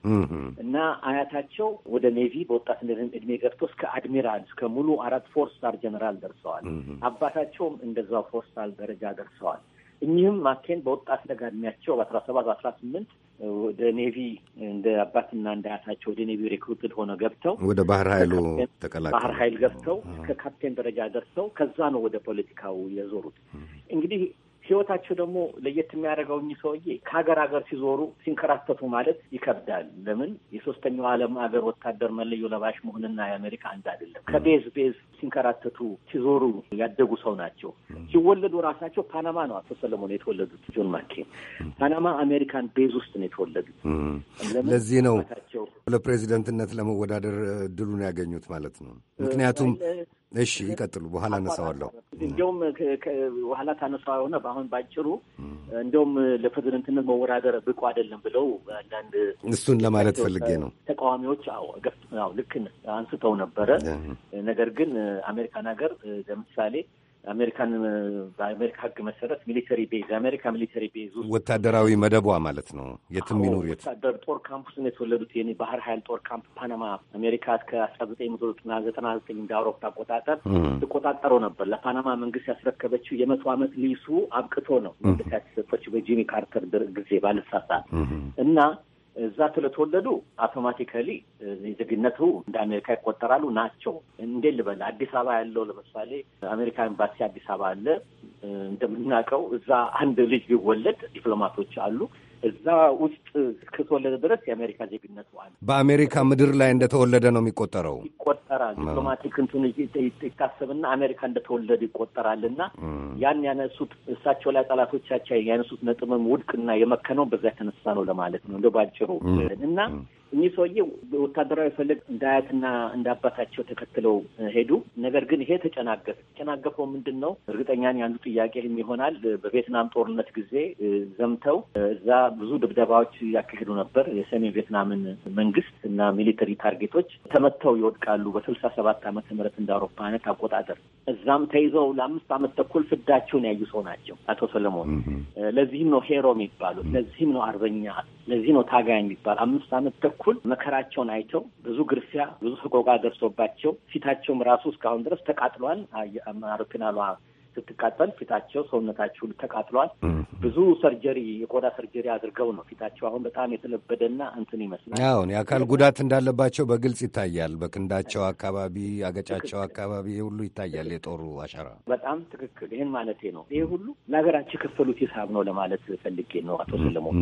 እና አያታቸው ወደ ኔቪ በወጣት እድሜ ገብቶ እስከ አድሚራል እስከ ሙሉ አራት ፎር ስታር ጀነራል ደርሰዋል። አባታቸውም እንደዛው ፎር ስታር ደረጃ ደርሰዋል። እኚህም ማኬን በወጣት ደጋድሚያቸው በአስራ ሰባት በአስራ ስምንት ወደ ኔቪ እንደ አባትና እንደ አያታቸው ወደ ኔቪ ሪክሩትድ ሆነ ገብተው ወደ ባህር ኃይሉ ተቀላቀሉ። ባህር ኃይል ገብተው እስከ ካፕቴን ደረጃ ደርሰው ከዛ ነው ወደ ፖለቲካው የዞሩት። እንግዲህ ህይወታቸው ደግሞ ለየት የሚያደርገው እኚህ ሰውዬ ከሀገር ሀገር ሲዞሩ ሲንከራተቱ ማለት ይከብዳል። ለምን የሶስተኛው ዓለም ሀገር ወታደር መለዮ ለባሽ መሆንና የአሜሪካ አንድ አይደለም። ከቤዝ ቤዝ ሲንከራተቱ ሲዞሩ ያደጉ ሰው ናቸው። ሲወለዱ ራሳቸው ፓናማ ነው አቶ ሰለሞን የተወለዱት። ጆን ማኬ ፓናማ አሜሪካን ቤዝ ውስጥ ነው የተወለዱት። ለዚህ ነው ለፕሬዚደንትነት ለመወዳደር እድሉን ያገኙት ማለት ነው። ምክንያቱም እሺ ይቀጥሉ፣ በኋላ አነሳዋለሁ። እንዲሁም በኋላ ታነሳ የሆነ በአሁን ባጭሩ እንዲሁም ለፕሬዚደንትነት መወዳደር ብቁ አይደለም ብለው አንዳንድ እሱን ለማለት ፈልጌ ነው ተቃዋሚዎች ልክን አንስተው ነበረ። ነገር ግን አሜሪካን ሀገር ለምሳሌ አሜሪካን በአሜሪካ ሕግ መሰረት ሚሊተሪ ቤዝ የአሜሪካ ሚሊተሪ ቤዝ ውስጥ ወታደራዊ መደቧ ማለት ነው። የትም ይኑር ወታደር ጦር ካምፕ ውስጥ ነው የተወለዱት። የኔ ባህር ኃይል ጦር ካምፕ ፓናማ አሜሪካ እስከ አስራ ዘጠኝ መቶ ዘጠና ዘጠና ዘጠኝ እንደ አውሮፓ አቆጣጠር ትቆጣጠረው ነበር። ለፓናማ መንግስት ያስረከበችው የመቶ ዓመት ሊሱ አብቅቶ ነው መንግስት ያስሰጠችው በጂሚ ካርተር ድር ጊዜ ባለሳሳት እና እዛ ስለተወለዱ አውቶማቲካሊ ዜግነቱ እንደ አሜሪካ ይቆጠራሉ ናቸው። እንዴት ልበል? አዲስ አበባ ያለው ለምሳሌ አሜሪካ ኤምባሲ አዲስ አበባ አለ። እንደምናውቀው እዛ አንድ ልጅ ቢወለድ ዲፕሎማቶች አሉ እዛ ውስጥ እስከተወለደ ድረስ የአሜሪካ ዜግነት ዋል በአሜሪካ ምድር ላይ እንደተወለደ ነው የሚቆጠረው ይቆጠራል። ዲፕሎማቲክ እንትን ይታሰብና አሜሪካ እንደተወለደ ይቆጠራል። እና ያን ያነሱት እሳቸው ላይ ጠላቶቻቸው ያነሱት ነጥብም ውድቅና የመከነው በዛ የተነሳ ነው ለማለት ነው እንደ ባጭሩ እና እኚህ ሰውዬ ወታደራዊ ፈለግ እንደ አያትና እንደ አባታቸው ተከትለው ሄዱ። ነገር ግን ይሄ ተጨናገፈ። ተጨናገፈው ምንድን ነው እርግጠኛን ያንዱ ጥያቄ ይሆናል። በቪየትናም ጦርነት ጊዜ ዘምተው እዛ ብዙ ድብደባዎች ያካሄዱ ነበር። የሰሜን ቪየትናምን መንግስት እና ሚሊተሪ ታርጌቶች ተመተው ይወድቃሉ። በስልሳ ሰባት ዓመተ ምህረት እንደ አውሮፓ አይነት አቆጣጠር እዛም ተይዘው ለአምስት ዓመት ተኩል ፍዳቸውን ያዩ ሰው ናቸው አቶ ሰለሞን። ለዚህም ነው ሄሮ የሚባሉት፣ ለዚህም ነው አርበኛ፣ ለዚህ ነው ታጋይ የሚባል አምስት ዓመት ተኩል በኩል መከራቸውን አይተው ብዙ ግርፊያ፣ ብዙ ሰቆቃ ደርሶባቸው ፊታቸውም ራሱ እስካሁን ድረስ ተቃጥሏል። አውሮፕላኗ ስትቃጠል ፊታቸው፣ ሰውነታቸው ተቃጥሏል። ብዙ ሰርጀሪ፣ የቆዳ ሰርጀሪ አድርገው ነው ፊታቸው አሁን በጣም የተለበደና እንትን ይመስላል። አሁን የአካል ጉዳት እንዳለባቸው በግልጽ ይታያል። በክንዳቸው አካባቢ፣ አገጫቸው አካባቢ ሁሉ ይታያል የጦሩ አሻራ። በጣም ትክክል። ይህን ማለቴ ነው። ይህ ሁሉ ለሀገራቸው የከፈሉት ሂሳብ ነው ለማለት ፈልጌ ነው አቶ ሰለሞን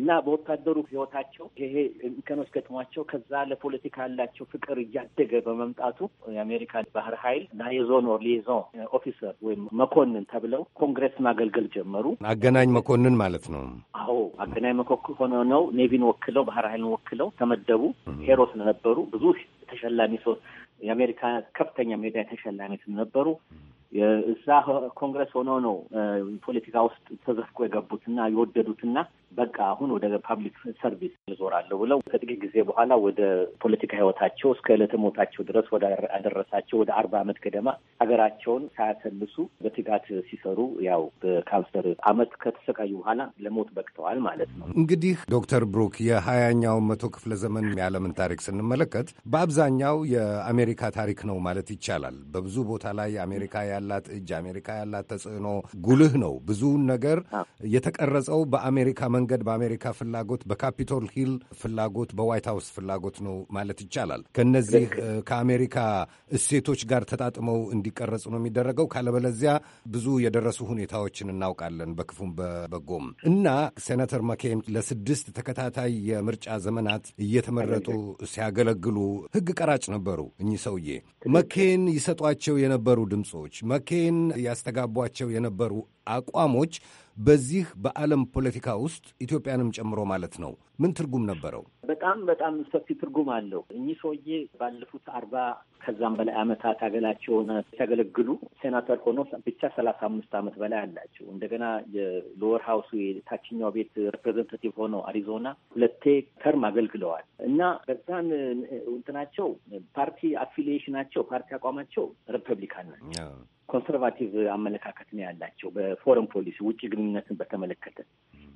እና በወታደሩ ህይወታቸው ይሄ እንከኖች ገጥሟቸው ከዛ ለፖለቲካ ያላቸው ፍቅር እያደገ በመምጣቱ የአሜሪካ ባህር ኃይል እና የዞን ኦር ሊዞን ኦፊሰር ወይ ወይም መኮንን ተብለው ኮንግረስ ማገልገል ጀመሩ። አገናኝ መኮንን ማለት ነው። አዎ አገናኝ መኮንን ሆነው ኔቪን ወክለው ባህር ኃይልን ወክለው ተመደቡ። ሄሮስ ነበሩ። ብዙ ተሸላሚ ሰው የአሜሪካ ከፍተኛ ሜዳ ተሸላሚ ነበሩ። እዛ ኮንግረስ ሆነው ነው ፖለቲካ ውስጥ ተዘፍቆ የገቡትና የወደዱትና በቃ አሁን ወደ ፐብሊክ ሰርቪስ ይዞራለሁ ብለው ከጥቂት ጊዜ በኋላ ወደ ፖለቲካ ህይወታቸው እስከ ዕለተ ሞታቸው ድረስ ወደ አደረሳቸው ወደ አርባ ዓመት ገደማ ሀገራቸውን ሳያሰልሱ በትጋት ሲሰሩ ያው በካንሰር አመት ከተሰቃዩ በኋላ ለሞት በቅተዋል ማለት ነው። እንግዲህ ዶክተር ብሩክ የሀያኛው መቶ ክፍለ ዘመን የዓለምን ታሪክ ስንመለከት በአብዛኛው የአሜሪካ ታሪክ ነው ማለት ይቻላል። በብዙ ቦታ ላይ አሜሪካ ያላት እጅ፣ አሜሪካ ያላት ተጽዕኖ ጉልህ ነው። ብዙ ነገር የተቀረጸው በአሜሪካ መንገድ በአሜሪካ ፍላጎት፣ በካፒቶል ሂል ፍላጎት፣ በዋይት ሀውስ ፍላጎት ነው ማለት ይቻላል። ከነዚህ ከአሜሪካ እሴቶች ጋር ተጣጥመው እንዲቀረጹ ነው የሚደረገው። ካለበለዚያ ብዙ የደረሱ ሁኔታዎችን እናውቃለን በክፉም በበጎም እና ሴናተር መኬን ለስድስት ተከታታይ የምርጫ ዘመናት እየተመረጡ ሲያገለግሉ ህግ ቀራጭ ነበሩ። እኚህ ሰውዬ መኬን ይሰጧቸው የነበሩ ድምፆች፣ መኬን ያስተጋቧቸው የነበሩ አቋሞች በዚህ በዓለም ፖለቲካ ውስጥ ኢትዮጵያንም ጨምሮ ማለት ነው ምን ትርጉም ነበረው? በጣም በጣም ሰፊ ትርጉም አለው። እኚህ ሰውዬ ባለፉት አርባ ከዛም በላይ አመታት አገላቸው የሆነ ሲያገለግሉ ሴናተር ሆኖ ብቻ ሰላሳ አምስት አመት በላይ አላቸው። እንደገና የሎወር ሀውሱ የታችኛው ቤት ሪፕሬዘንታቲቭ ሆነው አሪዞና ሁለቴ ተርም አገልግለዋል እና በዛን እንትናቸው ፓርቲ አፊሊዬሽናቸው ፓርቲ አቋማቸው ሪፐብሊካን ናቸው። ኮንሰርቫቲቭ አመለካከት ነው ያላቸው በፎረን ፖሊሲ ውጭ ግንኙነትን በተመለከተ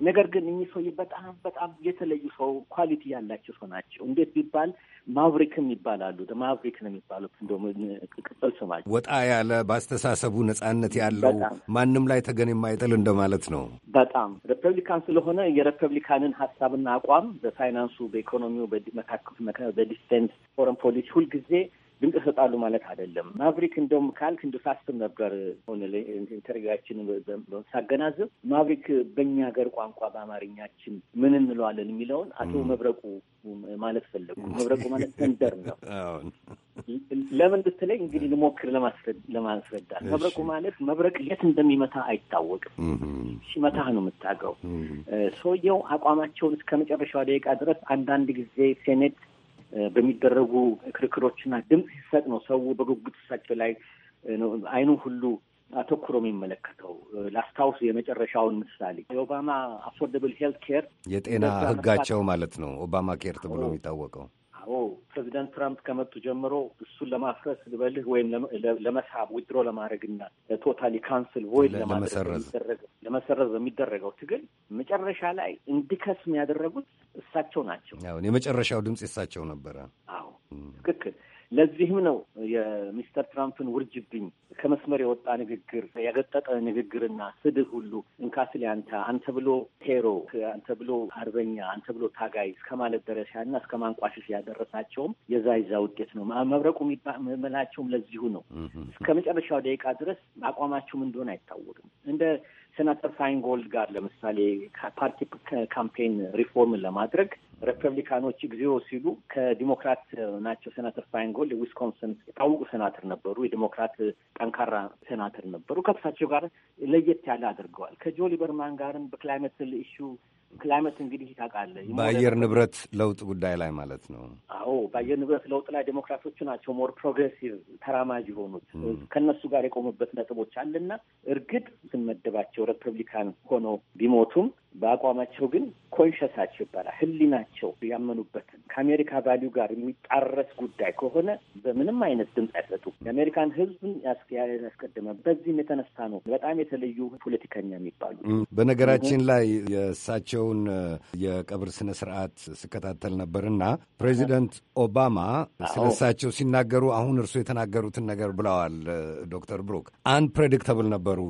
ነገር ግን እኚህ ሰውዬ በጣም በጣም የተለዩ ሰው ኳሊቲ ያላቸው ሰው ናቸው። እንዴት ቢባል ማብሪክም ይባላሉ። ማብሪክ ነው የሚባሉት እንደውም ቅጽል ስማቸው ወጣ ያለ በአስተሳሰቡ ነጻነት ያለው ማንም ላይ ተገን የማይጥል እንደማለት ነው። በጣም ሪፐብሊካን ስለሆነ የሪፐብሊካንን ሀሳብና አቋም በፋይናንሱ፣ በኢኮኖሚው፣ በመካከሉ በዲፌንስ፣ ፎረን ፖሊሲ ሁልጊዜ ድምፅ ይሰጣሉ ማለት አይደለም። ማብሪክ እንደውም ካልክ እንደ ሳስብ ነበር ሆነ ኢንተርቪዋችን ሳገናዘብ ማብሪክ በእኛ ሀገር ቋንቋ በአማርኛችን ምን እንለዋለን የሚለውን አቶ መብረቁ ማለት ፈለጉ። መብረቁ ማለት ሰንደር ነው። *laughs* ለምን ብትለኝ እንግዲህ ልሞክር ለማስረዳት መብረቁ ማለት መብረቅ የት እንደሚመታ አይታወቅም። ሲመታ ነው የምታገው። ሰውየው አቋማቸውን እስከ መጨረሻው ደቂቃ ድረስ አንዳንድ ጊዜ ሴኔት በሚደረጉ ክርክሮችና ድምፅ ሲሰጥ ነው ሰው በጉጉት እሳቸው ላይ አይኑ ሁሉ አተኩሮ የሚመለከተው። ላስታውስ የመጨረሻውን ምሳሌ የኦባማ አፎርደብል ሄልት ኬር የጤና ህጋቸው ማለት ነው ኦባማ ኬር ተብሎ የሚታወቀው አዎ ፕሬዚደንት ትራምፕ ከመጡ ጀምሮ እሱን ለማፍረስ ልበልህ ወይም ለመሳብ ዊድሮ ለማድረግና ቶታሊ ካንስል ቮይድ ለማድረግ ለመሰረዝ በሚደረገው ትግል መጨረሻ ላይ እንዲከስም ያደረጉት እሳቸው ናቸው። የመጨረሻው ድምፅ እሳቸው ነበረ። አዎ ትክክል። ለዚህም ነው የሚስተር ትራምፕን ውርጅብኝ ከመስመር የወጣ ንግግር ያገጠጠ ንግግርና ስድብ ሁሉ እንካስል አንተ አንተ ብሎ ቴሮ አንተ ብሎ አርበኛ አንተ ብሎ ታጋይ እስከማለት ደረሻና እስከ ማንቋሸሽ ያደረሳቸውም የዛ ይዛ ውጤት ነው። መብረቁ መላቸውም ለዚሁ ነው። እስከ መጨረሻው ደቂቃ ድረስ አቋማቸውም እንደሆነ አይታወቅም እንደ ሴናተር ፋይንጎልድ ጋር ለምሳሌ ፓርቲ ካምፔን ሪፎርምን ለማድረግ ሪፐብሊካኖች እግዚኦ ሲሉ ከዲሞክራት ናቸው። ሴናተር ፋይንጎልድ የዊስኮንሰን የታወቁ ሴናተር ነበሩ። የዲሞክራት ጠንካራ ሴናተር ነበሩ። ከእሳቸው ጋር ለየት ያለ አድርገዋል። ከጆ ሊበርማን ጋርም በክላይመት ኢሹ ክላይመት እንግዲህ ታውቃለህ፣ በአየር ንብረት ለውጥ ጉዳይ ላይ ማለት ነው። አዎ፣ በአየር ንብረት ለውጥ ላይ ዴሞክራቶቹ ናቸው ሞር ፕሮግሬሲቭ ተራማጅ የሆኑት ከእነሱ ጋር የቆሙበት ነጥቦች አለና እርግጥ ስንመደባቸው ሪፐብሊካን ሆነው ቢሞቱም በአቋማቸው ግን ኮንሸሳቸው ይባላል። ህሊናቸው ያመኑበትን ከአሜሪካ ቫሊዩ ጋር የሚጣረስ ጉዳይ ከሆነ በምንም አይነት ድምፅ አይሰጡ። የአሜሪካን ህዝብን ያስቀደመ በዚህም የተነሳ ነው በጣም የተለዩ ፖለቲከኛ የሚባሉ። በነገራችን ላይ የእሳቸውን የቀብር ስነ ስርዓት ስከታተል ነበርና ፕሬዚደንት ኦባማ ስለ እሳቸው ሲናገሩ አሁን እርሱ የተናገሩትን ነገር ብለዋል። ዶክተር ብሩክ አንፕሬዲክተብል ነበሩ።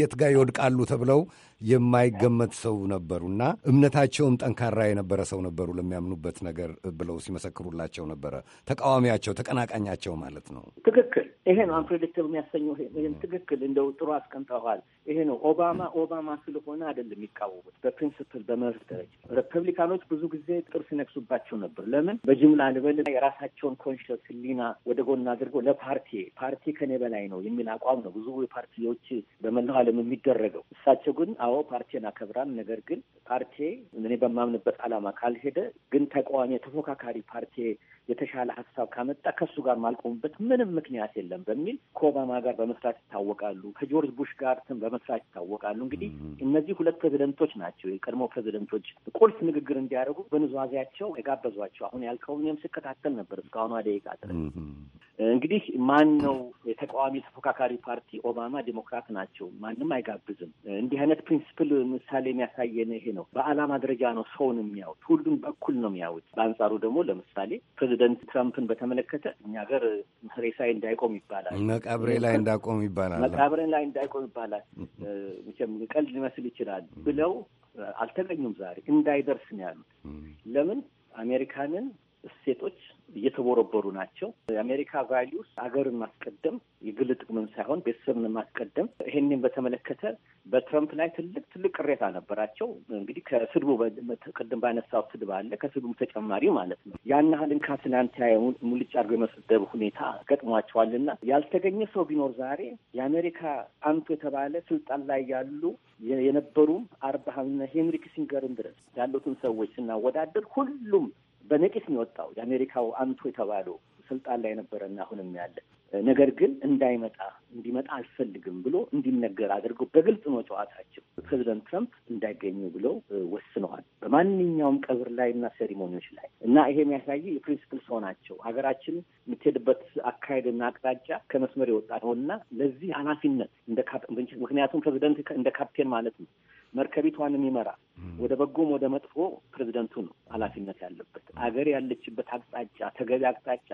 የት ጋር ይወድቃሉ ተብለው የማይገመት ሰው ነበሩና እምነታቸውም ጠንካራ የነበረ ሰው ነበሩ ለሚያምኑበት ነገር ብለው ሲመሰክሩላቸው ነበረ። ተቃዋሚያቸው፣ ተቀናቃኛቸው ማለት ነው። ትክክል ይሄ ነው አንፕሬዲክተብ የሚያሰኘው። ይህም ትክክል እንደው ጥሩ አስቀምጠዋል። ይሄ ነው ኦባማ ኦባማ ስለሆነ አይደለም የሚቃወሙት፣ በፕሪንስፕል በመርህ ደረጃ ሪፐብሊካኖች ብዙ ጊዜ ጥርስ ይነክሱባቸው ነበር። ለምን በጅምላ ልበል የራሳቸውን ኮንሽስ ህሊና ወደ ጎን አድርገው ለፓርቲ ፓርቲ ከኔ በላይ ነው የሚል አቋም ነው ብዙ ፓርቲዎች በመላው ዓለም የሚደረገው። እሳቸው ግን አዎ ፓርቲን አከብራን ነገር ግን ፓርቲ እኔ በማምንበት አላማ ካልሄደ ግን ተቃዋሚ ተፎካካሪ ፓርቲ የተሻለ ሀሳብ ካመጣ ከሱ ጋር ማልቆምበት ምንም ምክንያት የለም በሚል ከኦባማ ጋር በመስራት ይታወቃሉ። ከጆርጅ ቡሽ ጋር ትን በመስራት ይታወቃሉ። እንግዲህ እነዚህ ሁለት ፕሬዚደንቶች ናቸው የቀድሞ ፕሬዚደንቶች ቁልፍ ንግግር እንዲያደርጉ በንዟዜያቸው የጋበዟቸው። አሁን ያልከውን እኔም ስከታተል ነበር እስካሁኗ ደቂቃ ድረስ። እንግዲህ ማን ነው የተቃዋሚ ተፎካካሪ ፓርቲ? ኦባማ ዲሞክራት ናቸው፣ ማንም አይጋብዝም። እንዲህ አይነት ፕሪንስፕል ምሳሌ የሚያሳየን ይሄ ነው። በዓላማ ደረጃ ነው ሰውን የሚያዩት፣ ሁሉን በኩል ነው የሚያዩት። በአንጻሩ ደግሞ ለምሳሌ ፕሬዚደንት ትራምፕን በተመለከተ እኛ ሀገር ሬሳ እንዳይቆም ይባላል፣ መቃብሬ ላይ እንዳቆም ይባላል፣ መቃብሬ ላይ እንዳይቆም ይባላል። መቼም ቀልድ ሊመስል ይችላል ብለው አልተገኙም። ዛሬ እንዳይደርስ ነው ያሉት። ለምን አሜሪካንን እሴቶች እየተቦረቦሩ ናቸው። የአሜሪካ ቫሊዩስ አገርን ማስቀደም፣ የግል ጥቅምን ሳይሆን ቤተሰብን ማስቀደም። ይሄንን በተመለከተ በትረምፕ ላይ ትልቅ ትልቅ ቅሬታ ነበራቸው። እንግዲህ ከስድቡ ቅድም ባነሳው ስድብ አለ፣ ከስድቡ ተጨማሪ ማለት ነው። ያን ያህል እንካ ትናንት ሙልጭ አድርጎ የመስደብ ሁኔታ ገጥሟቸዋልና ያልተገኘ ሰው ቢኖር ዛሬ የአሜሪካ አንቱ የተባለ ስልጣን ላይ ያሉ የነበሩም አርባሃምና ሄንሪክ ሲንገርን ድረስ ያሉትን ሰዎች ስናወዳደር ሁሉም በነቂስ የወጣው የአሜሪካው አንቱ የተባለው ስልጣን ላይ ነበረና አሁንም ያለ ነገር ግን እንዳይመጣ እንዲመጣ አልፈልግም ብሎ እንዲነገር አድርገው በግልጽ ነው ጨዋታቸው። ፕሬዚደንት ትራምፕ እንዳይገኙ ብለው ወስነዋል፣ በማንኛውም ቀብር ላይ እና ሴሪሞኒዎች ላይ እና ይሄ የሚያሳይ የፕሪንስፕል ሰው ናቸው። ሀገራችን የምትሄድበት አካሄድና አቅጣጫ ከመስመር የወጣ ነው እና ለዚህ ኃላፊነት እንደ ምክንያቱም ፕሬዚደንት እንደ ካፕቴን ማለት ነው መርከቢቷን የሚመራ ወደ በጎም ወደ መጥፎ ፕሬዚደንቱ ነው ኃላፊነት ያለበት። አገር ያለችበት አቅጣጫ ተገቢ አቅጣጫ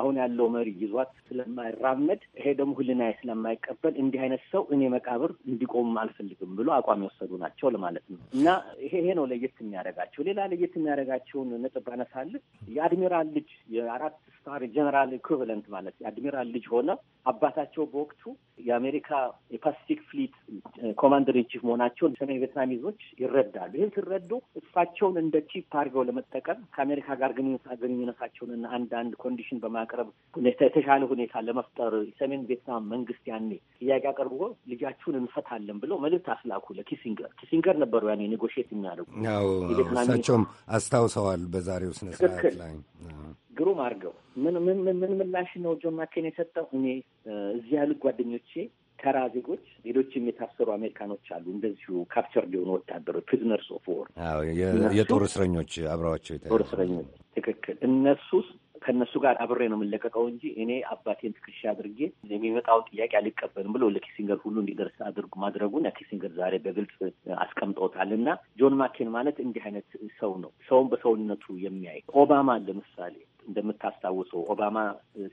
አሁን ያለው መሪ ይዟት ስለማይራመድ ይሄ ደግሞ ህልናዬ ስለማይቀበል እንዲህ አይነት ሰው እኔ መቃብር እንዲቆም አልፈልግም ብሎ አቋም የወሰዱ ናቸው ለማለት ነው እና ይሄ ይሄ ነው ለየት የሚያደርጋቸው። ሌላ ለየት የሚያደርጋቸውን ነጥብ አነሳልህ። የአድሚራል ልጅ የአራት ስታር ጀነራል ኢኩቪለንት ማለት የአድሚራል ልጅ ሆነ አባታቸው በወቅቱ የአሜሪካ የፓሲፊክ ፍሊት ኮማንደር ኢንቺፍ መሆናቸውን ሰሜን ቬትናም ህዝቦች ይረዳሉ። ይህን ሲረዱ እሳቸውን እንደ ቺፕ አድርገው ለመጠቀም ከአሜሪካ ጋር ግንኙነታቸውንና አንዳንድ ኮንዲሽን በማ የማቅረብ የተሻለ ሁኔታ ለመፍጠር የሰሜን ቪየትናም መንግስት ያኔ ጥያቄ አቅርቦ ልጃችሁን እንፈታለን ብለው መልእክት አስላኩ ለኪሲንገር። ኪሲንገር ነበሩ ያኔ ኔጎሽት የሚያደርጉ እሳቸውም አስታውሰዋል። በዛሬው ስነ ስርዓት ላይ ግሩም አድርገው ምን ምን ምን ምላሽ ነው ጆን ማኬን የሰጠው? እኔ እዚህ ያሉ ጓደኞቼ ተራ ዜጎች፣ ሌሎችም የታሰሩ አሜሪካኖች አሉ እንደዚሁ ካፕቸር ሊሆኑ ወታደሮች፣ ፕሪዝነርስ ኦፍ ዎር የጦር እስረኞች አብረዋቸው ጦር እስረኞች ትክክል። እነሱስ ከእነሱ ጋር አብሬ ነው የምለቀቀው እንጂ እኔ አባቴን ትከሻ አድርጌ የሚመጣውን ጥያቄ አልቀበልም ብሎ ለኪሲንገር ሁሉ እንዲደርስ አድርጉ ማድረጉን ኪሲንገር ዛሬ በግልጽ አስቀምጠውታል። እና ጆን ማኬን ማለት እንዲህ አይነት ሰው ነው፣ ሰውን በሰውነቱ የሚያይ ኦባማ ለምሳሌ እንደምታስታውሰው ኦባማ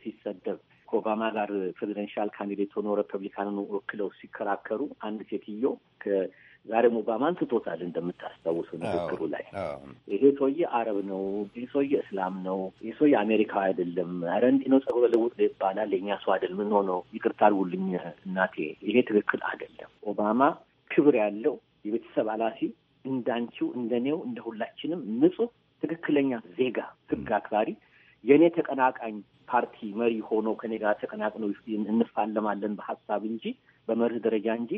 ሲሰደብ ከኦባማ ጋር ፕሬዚደንሻል ካንዲዴት ሆኖ ሪፐብሊካንን ወክለው ሲከራከሩ አንድ ሴትዮ ዛሬም ኦባማ አንስቶታል እንደምታስታውሱ ንግግሩ ላይ ይሄ ሰውዬ አረብ ነው፣ ይህ ሰውዬ እስላም ነው፣ ይህ ሰውዬ አሜሪካ አይደለም፣ ኧረ እንዲህ ነው ጸጉረ ልውጥ ይባላል፣ የእኛ ሰው አይደለም፣ ምን ሆነው ይቅርታ አድርጉልኝ እናቴ፣ ይሄ ትክክል አይደለም። ኦባማ ክብር ያለው የቤተሰብ ኃላፊ እንዳንቺው፣ እንደኔው፣ እንደ ሁላችንም ንጹህ ትክክለኛ ዜጋ፣ ህግ አክባሪ የእኔ ተቀናቃኝ ፓርቲ መሪ ሆኖ ከኔ ጋር ተቀናቅነው እንፋለማለን በሀሳብ እንጂ በመርህ ደረጃ እንጂ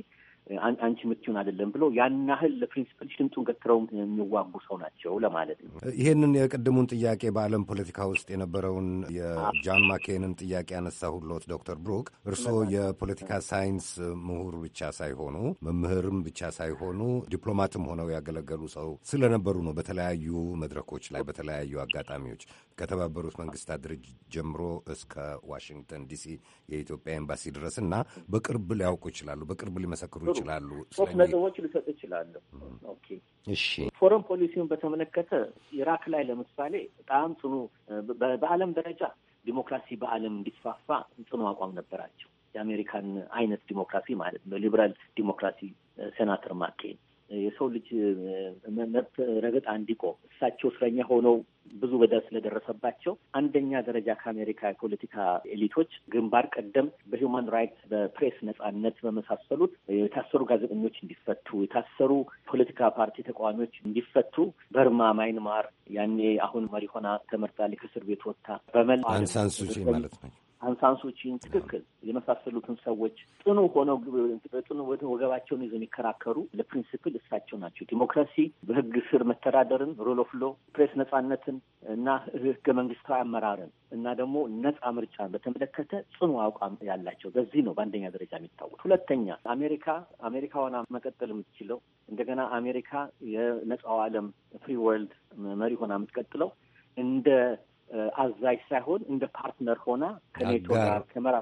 አንቺ ምትሆን አይደለም ብሎ ያን ያህል ለፕሪንሲፕል ሽንጡን ገትረው የሚዋጉ ሰው ናቸው ለማለት ነው። ይሄንን የቅድሙን ጥያቄ በዓለም ፖለቲካ ውስጥ የነበረውን የጃን ማኬንን ጥያቄ ያነሳ ሁሎት ዶክተር ብሩክ እርስዎ የፖለቲካ ሳይንስ ምሁር ብቻ ሳይሆኑ መምህርም ብቻ ሳይሆኑ ዲፕሎማትም ሆነው ያገለገሉ ሰው ስለነበሩ ነው በተለያዩ መድረኮች ላይ በተለያዩ አጋጣሚዎች ከተባበሩት መንግስታት ድርጅት ጀምሮ እስከ ዋሽንግተን ዲሲ የኢትዮጵያ ኤምባሲ ድረስ እና በቅርብ ሊያውቁ ይችላሉ፣ በቅርብ ሊመሰክሩ ይችላሉ። ሶስት ነጥቦች ልሰጥ ይችላሉ። እሺ፣ ፎረን ፖሊሲውን በተመለከተ ኢራክ ላይ ለምሳሌ በጣም ጽኑ በዓለም ደረጃ ዲሞክራሲ በዓለም እንዲስፋፋ ጽኑ አቋም ነበራቸው። የአሜሪካን አይነት ዲሞክራሲ ማለት ነው። ሊበራል ዲሞክራሲ ሴናተር ማኬን የሰው ልጅ መብት ረገጣ እንዲቆም እሳቸው እስረኛ ሆነው ብዙ በደል ስለደረሰባቸው አንደኛ ደረጃ ከአሜሪካ የፖለቲካ ኤሊቶች ግንባር ቀደም በሂውማን ራይትስ በፕሬስ ነጻነት በመሳሰሉት የታሰሩ ጋዜጠኞች እንዲፈቱ፣ የታሰሩ ፖለቲካ ፓርቲ ተቃዋሚዎች እንዲፈቱ በርማ ማይንማር ያኔ አሁን መሪ ሆና ከእስር ቤት ወጥታ በመላ ማለት ነው አንሳንሶችን ትክክል የመሳሰሉትን ሰዎች ጥኑ ሆነው በጥኑ ወደ ወገባቸውን ይዘው የሚከራከሩ ለፕሪንስፕል እሳቸው ናቸው። ዲሞክራሲ፣ በህግ ስር መተዳደርን፣ ሮል ኦፍ ሎ፣ ፕሬስ ነጻነትን እና ህገ መንግስታዊ አመራርን እና ደግሞ ነጻ ምርጫን በተመለከተ ጽኑ አቋም ያላቸው በዚህ ነው በአንደኛ ደረጃ የሚታወቅ። ሁለተኛ አሜሪካ አሜሪካ ሆና መቀጠል የምትችለው እንደገና አሜሪካ የነጻው ዓለም ፍሪ ወርልድ መሪ ሆና የምትቀጥለው እንደ አዛዥ ሳይሆን እንደ ፓርትነር ሆና ከኔቶ ጋር ከመራ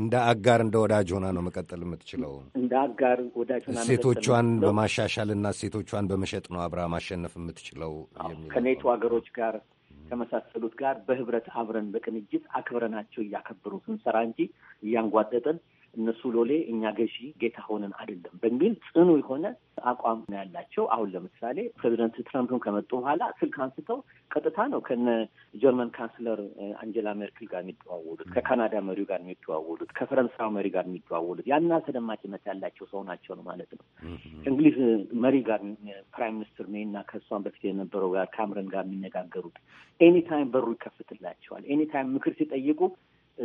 እንደ አጋር እንደ ወዳጅ ሆና ነው መቀጠል የምትችለው። እንደ አጋር ወዳጅ ሆና እሴቶቿን በማሻሻል እና ሴቶቿን በመሸጥ ነው አብራ ማሸነፍ የምትችለው ከኔቶ ሀገሮች ጋር ከመሳሰሉት ጋር በህብረት አብረን በቅንጅት አክብረናቸው እያከበሩ ስንሰራ እንጂ እያንጓጠጠን እነሱ ሎሌ እኛ ገዢ ጌታ ሆነን አይደለም በሚል ጽኑ የሆነ አቋም ነው ያላቸው። አሁን ለምሳሌ ፕሬዚደንት ትራምፕን ከመጡ በኋላ ስልክ አንስተው ቀጥታ ነው ከነ ጀርመን ካንስለር አንጀላ ሜርክል ጋር የሚተዋወሉት፣ ከካናዳ መሪው ጋር የሚተዋወሉት፣ ከፈረንሳዊ መሪ ጋር የሚተዋወሉት ያና ተደማጭነት ያላቸው ሰው ናቸው ነው ማለት ነው። እንግሊዝ መሪ ጋር ፕራይም ሚኒስትር ሜይ እና ከእሷን በፊት የነበረው ጋር ካምረን ጋር የሚነጋገሩት ኤኒታይም በሩ ይከፍትላቸዋል። ኤኒታይም ምክር ሲጠይቁ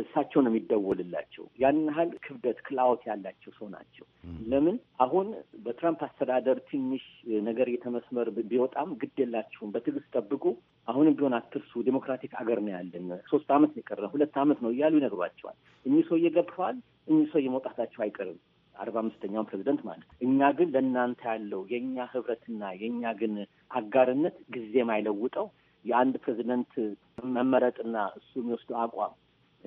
እሳቸው ነው የሚደወልላቸው። ያን ያህል ክብደት ክላውት ያላቸው ሰው ናቸው። ለምን አሁን በትራምፕ አስተዳደር ትንሽ ነገር የተመስመር ቢወጣም ግድ የላቸውም፣ በትዕግስት ጠብቁ፣ አሁንም ቢሆን አትርሱ፣ ዴሞክራቲክ አገር ነው ያለን፣ ሶስት አመት ነው የቀረ፣ ሁለት አመት ነው እያሉ ይነግሯቸዋል። እኚህ ሰውዬ እየገብተዋል፣ እኚህ ሰውዬ መውጣታቸው አይቀርም። አርባ አምስተኛውን ፕሬዚደንት ማለት እኛ ግን ለእናንተ ያለው የእኛ ህብረትና የእኛ ግን አጋርነት ጊዜም አይለውጠው የአንድ ፕሬዚደንት መመረጥና እሱ የሚወስደው አቋም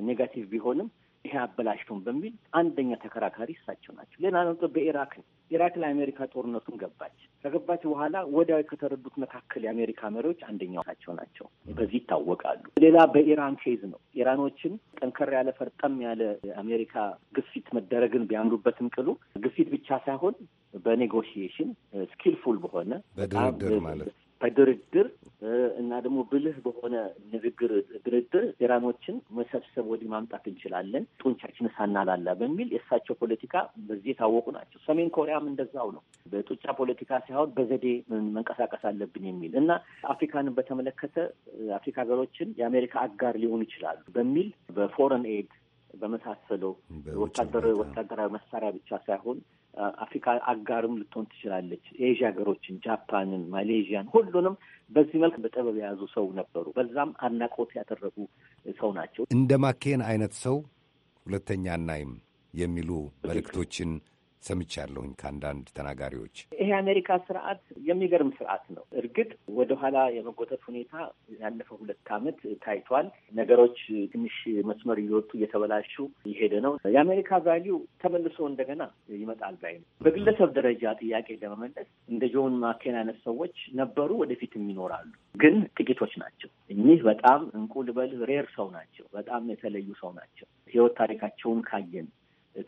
ኔጋቲቭ ቢሆንም ይሄ አበላሽቱን በሚል አንደኛ ተከራካሪ እሳቸው ናቸው። ሌላ ነጥብ በኢራክ ነው። ኢራክ ለአሜሪካ ጦርነቱን ገባች። ከገባች በኋላ ወዲያው ከተረዱት መካከል የአሜሪካ መሪዎች አንደኛው እሳቸው ናቸው። በዚህ ይታወቃሉ። ሌላ በኢራን ኬዝ ነው። ኢራኖችን ጠንከር ያለ ፈርጠም ያለ አሜሪካ ግፊት መደረግን ቢያምሩበትም ቅሉ ግፊት ብቻ ሳይሆን በኔጎሽዬሽን ስኪልፉል በሆነ በድርድር ማለት በድርድር እና ደግሞ ብልህ በሆነ ንግግር ድርድር ኢራኖችን መሰብሰብ ወዲህ ማምጣት እንችላለን፣ ጡንቻችን ሳናላላ በሚል የእሳቸው ፖለቲካ በዚህ የታወቁ ናቸው። ሰሜን ኮሪያም እንደዛው ነው። በጡጫ ፖለቲካ ሳይሆን በዘዴ መንቀሳቀስ አለብን የሚል እና አፍሪካንን በተመለከተ አፍሪካ ሀገሮችን የአሜሪካ አጋር ሊሆኑ ይችላሉ በሚል በፎረን ኤድ በመሳሰለው ወታደራዊ መሳሪያ ብቻ ሳይሆን አፍሪካ አጋርም ልትሆን ትችላለች። የኤዥያ ሀገሮችን፣ ጃፓንን፣ ማሌዥያን ሁሉንም በዚህ መልክ በጥበብ የያዙ ሰው ነበሩ። በዛም አድናቆት ያደረጉ ሰው ናቸው። እንደ ማኬን አይነት ሰው ሁለተኛ እናይም የሚሉ መልእክቶችን ሰምቻለሁኝ ከአንዳንድ ተናጋሪዎች። ይሄ የአሜሪካ ስርዓት የሚገርም ስርዓት ነው። እርግጥ ወደኋላ የመጎተት ሁኔታ ያለፈው ሁለት ዓመት ታይቷል። ነገሮች ትንሽ መስመር እየወጡ እየተበላሹ እየሄደ ነው። የአሜሪካ ቫሊዩ ተመልሶ እንደገና ይመጣል ባይ ነው። በግለሰብ ደረጃ ጥያቄ ለመመለስ እንደ ጆን ማኬን አይነት ሰዎች ነበሩ፣ ወደፊትም ይኖራሉ፣ ግን ጥቂቶች ናቸው። እኚህ በጣም እንቁ ልበልህ ሬር ሰው ናቸው። በጣም የተለዩ ሰው ናቸው። ህይወት ታሪካቸውን ካየን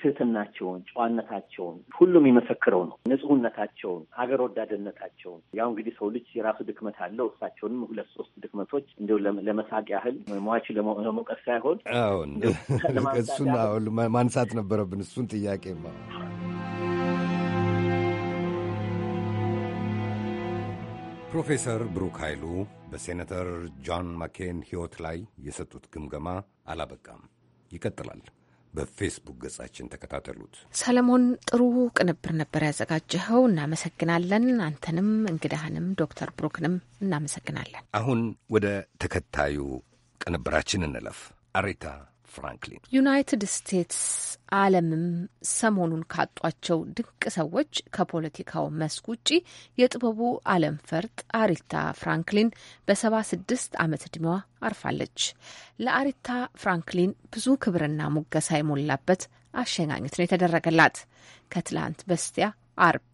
ትህትናቸውን፣ ጨዋነታቸውን ሁሉም የመሰክረው ነው። ንጹህነታቸውን፣ ሀገር ወዳድነታቸውን ያው እንግዲህ ሰው ልጅ የራሱ ድክመት አለው። እሳቸውንም ሁለት ሶስት ድክመቶች እንዲሁ ለመሳቅ ያህል ሟች ለመውቀስ ሳይሆን እሱን ማንሳት ነበረብን። እሱን ጥያቄ ፕሮፌሰር ብሩክ ኃይሉ በሴነተር ጆን ማኬን ሕይወት ላይ የሰጡት ግምገማ አላበቃም፣ ይቀጥላል። በፌስቡክ ገጻችን ተከታተሉት። ሰለሞን፣ ጥሩ ቅንብር ነበር ያዘጋጀኸው፣ እናመሰግናለን። አንተንም እንግዳህንም ዶክተር ብሩክንም እናመሰግናለን። አሁን ወደ ተከታዩ ቅንብራችን እንለፍ። አሬታ ፍራንክሊን ዩናይትድ ስቴትስ ዓለምም ሰሞኑን ካጧቸው ድንቅ ሰዎች ከፖለቲካው መስክ ውጪ የጥበቡ ዓለም ፈርጥ አሪታ ፍራንክሊን በሰባ ስድስት ዓመት ዕድሜዋ አርፋለች። ለአሪታ ፍራንክሊን ብዙ ክብርና ሙገሳ የሞላበት አሸኛኘት ነው የተደረገላት። ከትላንት በስቲያ አርብ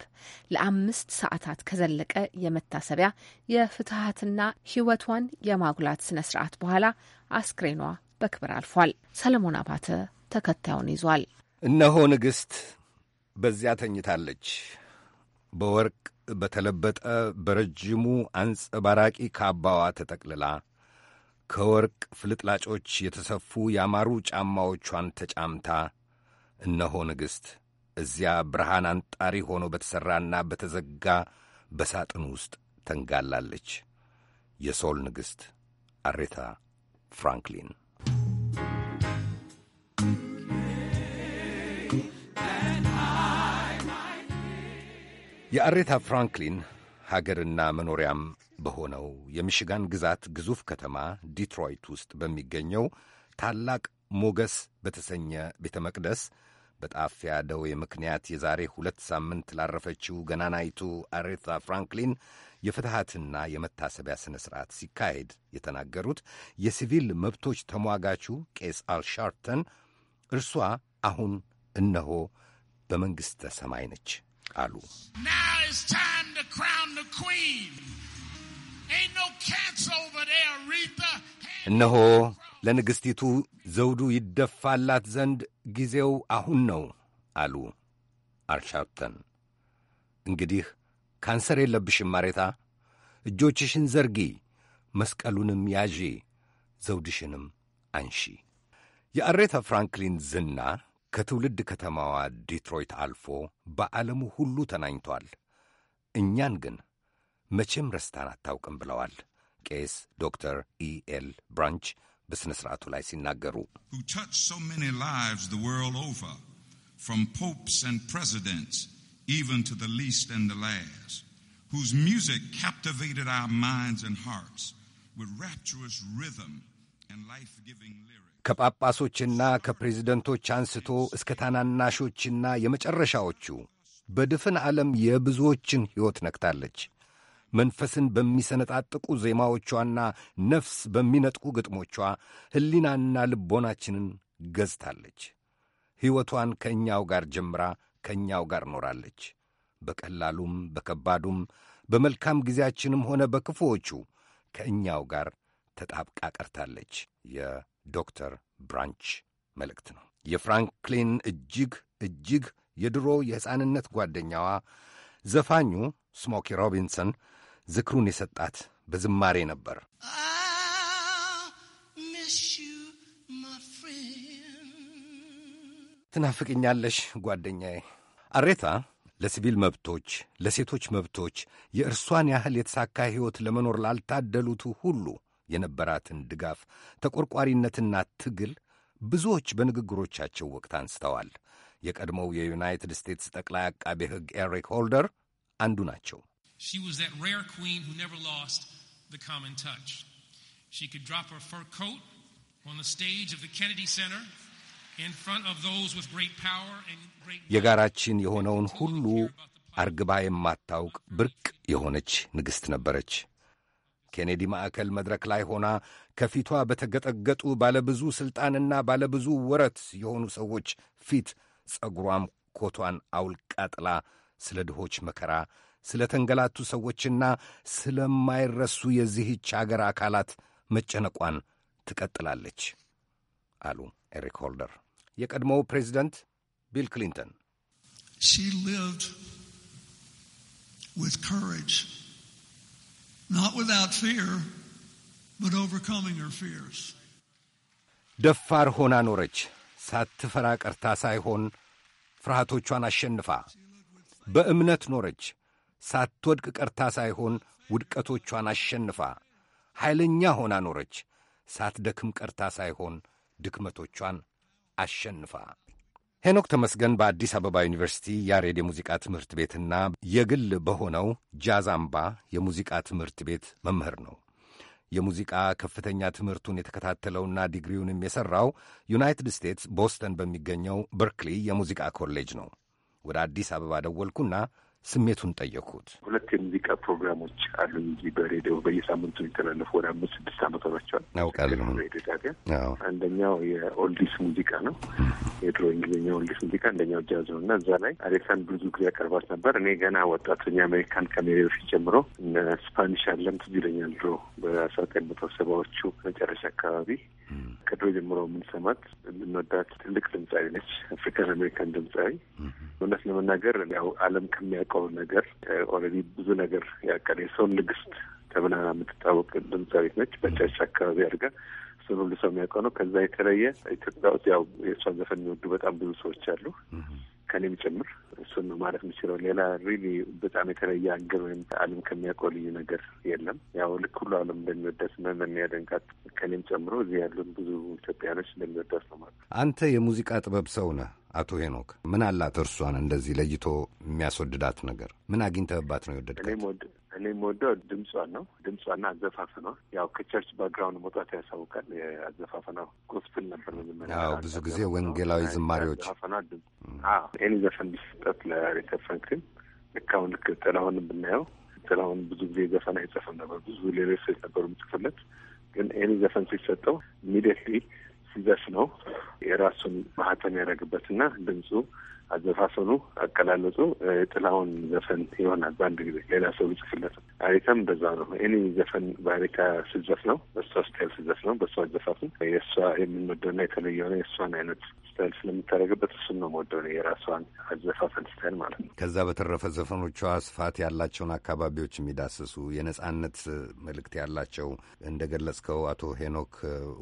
ለአምስት ሰዓታት ከዘለቀ የመታሰቢያ የፍትሀትና ህይወቷን የማጉላት ስነ ስርዓት በኋላ አስክሬኗ በክብር አልፏል። ሰለሞን አባተ ተከታዩን ይዟል። እነሆ ንግሥት በዚያ ተኝታለች። በወርቅ በተለበጠ በረጅሙ አንጸባራቂ ካባዋ ተጠቅልላ ከወርቅ ፍልጥላጮች የተሰፉ ያማሩ ጫማዎቿን ተጫምታ እነሆ ንግሥት እዚያ ብርሃን አንጣሪ ሆኖ በተሠራና በተዘጋ በሳጥን ውስጥ ተንጋላለች። የሶል ንግሥት አሬታ ፍራንክሊን የአሬታ ፍራንክሊን ሀገርና መኖሪያም በሆነው የሚሽጋን ግዛት ግዙፍ ከተማ ዲትሮይት ውስጥ በሚገኘው ታላቅ ሞገስ በተሰኘ ቤተ መቅደስ በጣፊያ ደዌ ምክንያት የዛሬ ሁለት ሳምንት ላረፈችው ገናናይቱ አሬታ ፍራንክሊን የፍትሐትና የመታሰቢያ ሥነ ሥርዓት ሲካሄድ የተናገሩት የሲቪል መብቶች ተሟጋቹ ቄስ አልሻርተን እርሷ አሁን እነሆ በመንግሥተ ሰማይ ነች አሉ። እነሆ ለንግሥቲቱ ዘውዱ ይደፋላት ዘንድ ጊዜው አሁን ነው አሉ አርሻውተን። እንግዲህ ካንሰር የለብሽም ማሬታ፣ እጆችሽን ዘርጊ፣ መስቀሉንም ያዢ፣ ዘውድሽንም አንሺ። የአሬታ ፍራንክሊን ዝና ከትውልድ ከተማዋ ዲትሮይት አልፎ በዓለሙ ሁሉ ተናኝቷል። እኛን ግን መቼም ረስታን አታውቅም ብለዋል ቄስ ዶክተር ኢኤል ብራንች በሥነ ሥርዓቱ ላይ ሲናገሩ ፕሬዚደንትስ ከጳጳሶችና ከፕሬዚደንቶች አንስቶ እስከ ታናናሾችና የመጨረሻዎቹ በድፍን ዓለም የብዙዎችን ሕይወት ነክታለች። መንፈስን በሚሰነጣጥቁ ዜማዎቿና ነፍስ በሚነጥቁ ግጥሞቿ ሕሊናና ልቦናችንን ገዝታለች። ሕይወቷን ከእኛው ጋር ጀምራ ከእኛው ጋር ኖራለች። በቀላሉም በከባዱም በመልካም ጊዜያችንም ሆነ በክፉዎቹ ከእኛው ጋር ተጣብቃ ቀርታለች። የዶክተር ብራንች መልእክት ነው። የፍራንክሊን እጅግ እጅግ የድሮ የሕፃንነት ጓደኛዋ ዘፋኙ ስሞኪ ሮቢንሰን ዝክሩን የሰጣት በዝማሬ ነበር። ትናፍቅኛለሽ ጓደኛዬ። አሬታ ለሲቪል መብቶች፣ ለሴቶች መብቶች የእርሷን ያህል የተሳካ ሕይወት ለመኖር ላልታደሉት ሁሉ የነበራትን ድጋፍ፣ ተቆርቋሪነትና ትግል ብዙዎች በንግግሮቻቸው ወቅት አንስተዋል። የቀድሞው የዩናይትድ ስቴትስ ጠቅላይ አቃቤ ሕግ ኤሪክ ሆልደር አንዱ ናቸው። የጋራችን የሆነውን ሁሉ አርግባ የማታውቅ ብርቅ የሆነች ንግሥት ነበረች። ኬኔዲ ማዕከል መድረክ ላይ ሆና ከፊቷ በተገጠገጡ ባለብዙ ሥልጣንና ባለብዙ ወረት የሆኑ ሰዎች ፊት ጸጉሯም ኮቷን አውልቃ ጥላ ስለ ድሆች መከራ፣ ስለ ተንገላቱ ሰዎችና ስለማይረሱ የዚህች አገር አካላት መጨነቋን ትቀጥላለች አሉ ኤሪክ ሆልደር የቀድሞው ፕሬዚደንት ቢል ክሊንተን። not without fear, but overcoming her fears. ደፋር ሆና ኖረች። ሳትፈራ ቀርታ ሳይሆን ፍርሃቶቿን አሸንፋ በእምነት ኖረች። ሳትወድቅ ቀርታ ሳይሆን ውድቀቶቿን አሸንፋ ኃይለኛ ሆና ኖረች። ሳትደክም ቀርታ ሳይሆን ድክመቶቿን አሸንፋ ሄኖክ ተመስገን በአዲስ አበባ ዩኒቨርሲቲ ያሬድ የሙዚቃ ትምህርት ቤትና የግል በሆነው ጃዛምባ የሙዚቃ ትምህርት ቤት መምህር ነው። የሙዚቃ ከፍተኛ ትምህርቱን የተከታተለውና ዲግሪውንም የሠራው ዩናይትድ ስቴትስ ቦስተን በሚገኘው በርክሊ የሙዚቃ ኮሌጅ ነው። ወደ አዲስ አበባ ደወልኩና ስሜቱን ጠየኩት። ሁለት የሙዚቃ ፕሮግራሞች አሉ እንጂ በሬዲዮ በየሳምንቱ የሚተላለፉ ወደ አምስት ስድስት ዓመት ሆናቸዋል። አውቃለሁ። ሬዲዮ ጣቢያ አንደኛው የኦልዲስ ሙዚቃ ነው፣ የድሮ እንግሊዝኛ ኦልዲስ ሙዚቃ፣ አንደኛው ጃዝ ነው እና እዛ ላይ አሌክሳንድ ብዙ ጊዜ ያቀርባት ነበር። እኔ ገና ወጣተኛ አሜሪካን ከሜሪ በፊት ጀምሮ ስፓኒሽ አለም ትዝ ይለኛል ድሮ በአስራ ዘጠኝ መቶ ሰባዎቹ መጨረሻ አካባቢ ከድሮ ጀምሮ የምንሰማት የምንወዳት ትልቅ ድምፃዊ ነች። አፍሪካን አሜሪካን ድምፃዊ እውነት ለመናገር ያው ዓለም ከሚያውቀው ነገር ኦልሬዲ ብዙ ነገር ያቀደ የሰውን ንግስት ተብላ የምትታወቅ ድምፃዊት ነች። በቻች አካባቢ አድርጋ እሱን ሁሉ ሰው የሚያውቀው ነው። ከዛ የተለየ ኢትዮጵያ ውስጥ ያው የእሷን ዘፈን የሚወዱ በጣም ብዙ ሰዎች አሉ። ከኔም ጭምር እሱን ነው ማለት የምችለው። ሌላ ሪሊ በጣም የተለየ አንግል ወይም ዓለም ከሚያውቀው ልዩ ነገር የለም። ያው ልክ ሁሉ ዓለም እንደሚወዳትና እንደሚያደንቃት ከኔም ጨምሮ እዚህ ያሉን ብዙ ኢትዮጵያኖች እንደሚወደስ ነው ማለት። አንተ የሙዚቃ ጥበብ ሰው ነህ አቶ ሄኖክ፣ ምን አላት እርሷን እንደዚህ ለይቶ የሚያስወድዳት ነገር? ምን አግኝተህባት ነው የወደድከው? እኔ የምወደው ድምጿን ነው። ድምጿና አዘፋፈኗ ያው ከቸርች ባክግራውንድ መውጣት ያሳውቃል። አዘፋፈኗ ጎስፕል ነበር መጀመሪያ። ብዙ ጊዜ ወንጌላዊ ዝማሪዎች አዘፋፈኗ ድምፅ ኤኒ ዘፈን ቢሰጠት ለሪከር ፍራንክሊን ልክ አሁን ልክ ጥላሁንም ብናየው ጥላሁን ብዙ ጊዜ ዘፈን አይጽፍም ነበር። ብዙ ሌሎች ነበሩ የምጽፍለት ግን ኤኒ ዘፈን ሲሰጠው ኢሚዲየትሊ ሲዘፍ ነው የራሱን ማህተም ያደረግበትና ድምፁ አዘፋፈኑ፣ አቀላለጹ ጥላሁን ዘፈን ይሆናል። በአንድ ጊዜ ሌላ ሰው ቢጽፍለት አሪታም በዛ ነው። እኔ ዘፈን በአሪካ ስዘፍ ነው፣ በእሷ ስታይል ስዘፍ ነው፣ በእሷ አዘፋፍን የእሷ የምንወደውና የተለየ ሆነ የእሷን አይነት ስታይል ስለምታደርግበት እሱም ነው መወደው ነው የራሷን አዘፋፈን ስታይል ማለት ነው። ከዛ በተረፈ ዘፈኖቿ ስፋት ያላቸውን አካባቢዎች የሚዳስሱ የነጻነት መልእክት ያላቸው እንደ ገለጽከው አቶ ሄኖክ